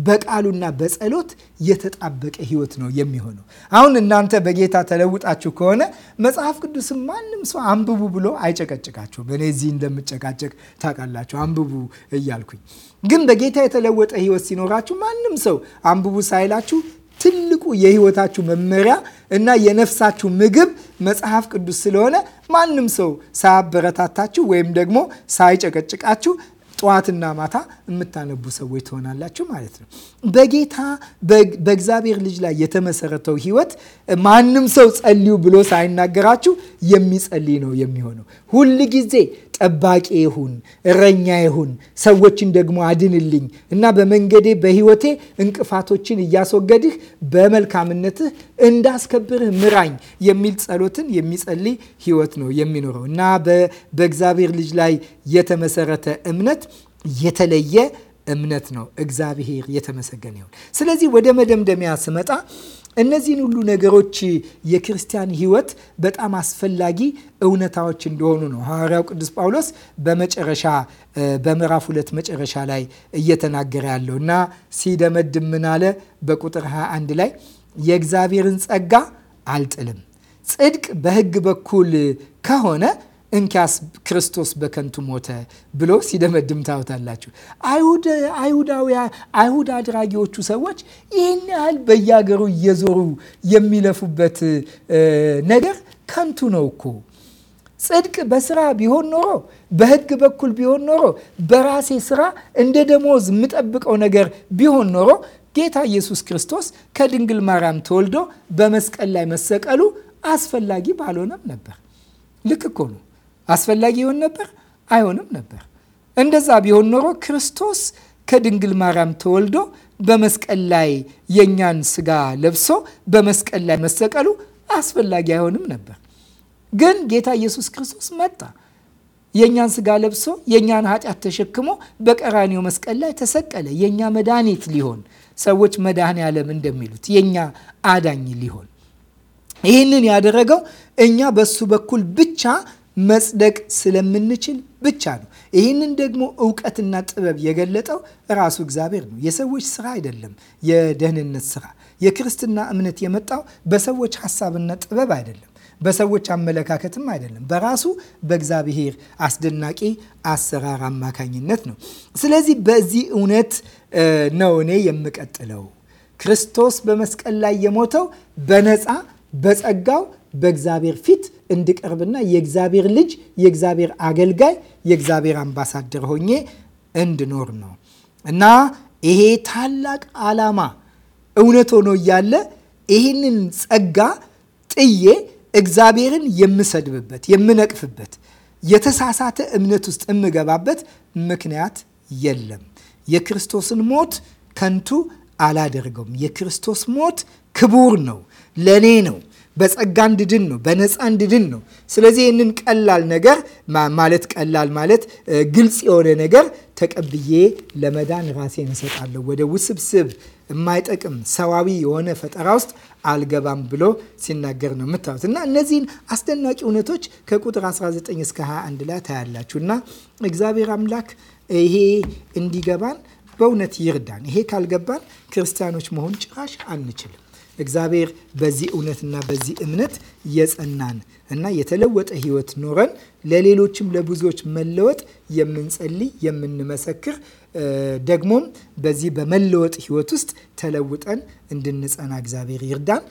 በቃሉና በጸሎት የተጣበቀ ህይወት ነው የሚሆነው። አሁን እናንተ በጌታ ተለውጣችሁ ከሆነ መጽሐፍ ቅዱስም ማንም ሰው አንብቡ ብሎ አይጨቀጭቃችሁም። እኔ እዚህ እንደምጨቃጨቅ ታውቃላችሁ፣ አንብቡ እያልኩኝ። ግን በጌታ የተለወጠ ህይወት ሲኖራችሁ ማንም ሰው አንብቡ ሳይላችሁ ትልቁ የህይወታችሁ መመሪያ እና የነፍሳችሁ ምግብ መጽሐፍ ቅዱስ ስለሆነ ማንም ሰው ሳያበረታታችሁ ወይም ደግሞ ሳይጨቀጭቃችሁ ጠዋትና ማታ የምታነቡ ሰዎች ትሆናላችሁ ማለት ነው። በጌታ በእግዚአብሔር ልጅ ላይ የተመሰረተው ህይወት ማንም ሰው ጸልዩ ብሎ ሳይናገራችሁ የሚጸልይ ነው የሚሆነው ሁል ጊዜ ጠባቂ ይሁን፣ እረኛ ይሁን፣ ሰዎችን ደግሞ አድንልኝ እና በመንገዴ በህይወቴ እንቅፋቶችን እያስወገድህ በመልካምነትህ እንዳስከብርህ ምራኝ የሚል ጸሎትን የሚጸልይ ህይወት ነው የሚኖረው እና በእግዚአብሔር ልጅ ላይ የተመሰረተ እምነት የተለየ እምነት ነው። እግዚአብሔር የተመሰገነ ይሁን። ስለዚህ ወደ መደምደሚያ ስመጣ እነዚህን ሁሉ ነገሮች የክርስቲያን ሕይወት በጣም አስፈላጊ እውነታዎች እንደሆኑ ነው ሐዋርያው ቅዱስ ጳውሎስ በመጨረሻ በምዕራፍ ሁለት መጨረሻ ላይ እየተናገረ ያለው እና ሲደመድም ምን አለ? በቁጥር 21 ላይ የእግዚአብሔርን ጸጋ አልጥልም፣ ጽድቅ በሕግ በኩል ከሆነ እንኪያስ ክርስቶስ በከንቱ ሞተ ብሎ ሲደመድም ታዩታላችሁ። አይሁድ አድራጊዎቹ ሰዎች ይህን ያህል በየሀገሩ እየዞሩ የሚለፉበት ነገር ከንቱ ነው እኮ ጽድቅ በስራ ቢሆን ኖሮ በህግ በኩል ቢሆን ኖሮ በራሴ ስራ እንደ ደሞዝ የምጠብቀው ነገር ቢሆን ኖሮ ጌታ ኢየሱስ ክርስቶስ ከድንግል ማርያም ተወልዶ በመስቀል ላይ መሰቀሉ አስፈላጊ ባልሆነም ነበር። ልክ እኮ ነው። አስፈላጊ ይሆን ነበር? አይሆንም ነበር። እንደዛ ቢሆን ኖሮ ክርስቶስ ከድንግል ማርያም ተወልዶ በመስቀል ላይ የእኛን ስጋ ለብሶ በመስቀል ላይ መሰቀሉ አስፈላጊ አይሆንም ነበር። ግን ጌታ ኢየሱስ ክርስቶስ መጣ። የእኛን ስጋ ለብሶ የእኛን ኃጢአት ተሸክሞ በቀራኒው መስቀል ላይ ተሰቀለ። የእኛ መድኃኒት ሊሆን ሰዎች መድኃኔ ዓለም እንደሚሉት የእኛ አዳኝ ሊሆን ይህንን ያደረገው እኛ በሱ በኩል ብቻ መጽደቅ ስለምንችል ብቻ ነው። ይህንን ደግሞ እውቀትና ጥበብ የገለጠው ራሱ እግዚአብሔር ነው። የሰዎች ስራ አይደለም። የደህንነት ስራ የክርስትና እምነት የመጣው በሰዎች ሀሳብና ጥበብ አይደለም፣ በሰዎች አመለካከትም አይደለም። በራሱ በእግዚአብሔር አስደናቂ አሰራር አማካኝነት ነው። ስለዚህ በዚህ እውነት ነው እኔ የምቀጥለው። ክርስቶስ በመስቀል ላይ የሞተው በነፃ በጸጋው በእግዚአብሔር ፊት እንድቀርብና የእግዚአብሔር ልጅ፣ የእግዚአብሔር አገልጋይ፣ የእግዚአብሔር አምባሳደር ሆኜ እንድኖር ነው እና ይሄ ታላቅ ዓላማ እውነት ሆኖ እያለ ይህንን ጸጋ ጥዬ እግዚአብሔርን የምሰድብበት፣ የምነቅፍበት፣ የተሳሳተ እምነት ውስጥ የምገባበት ምክንያት የለም። የክርስቶስን ሞት ከንቱ አላደርገውም። የክርስቶስ ሞት ክቡር ነው፣ ለእኔ ነው፣ በጸጋ እንድድን ነው፣ በነፃ እንድድን ነው። ስለዚህ ይህንን ቀላል ነገር ማለት ቀላል ማለት ግልጽ የሆነ ነገር ተቀብዬ ለመዳን ራሴን እሰጣለሁ፣ ወደ ውስብስብ የማይጠቅም ሰዋዊ የሆነ ፈጠራ ውስጥ አልገባም ብሎ ሲናገር ነው የምታዩት። እና እነዚህን አስደናቂ እውነቶች ከቁጥር 19 እስከ 21 ላይ ታያላችሁ። እና እግዚአብሔር አምላክ ይሄ እንዲገባን በእውነት ይርዳን። ይሄ ካልገባን ክርስቲያኖች መሆን ጭራሽ አንችልም። እግዚአብሔር በዚህ እውነትና በዚህ እምነት የጸናን እና የተለወጠ ህይወት ኖረን ለሌሎችም ለብዙዎች መለወጥ የምንጸልይ የምንመሰክር ደግሞም በዚህ በመለወጥ ህይወት ውስጥ ተለውጠን እንድንጸና እግዚአብሔር ይርዳን።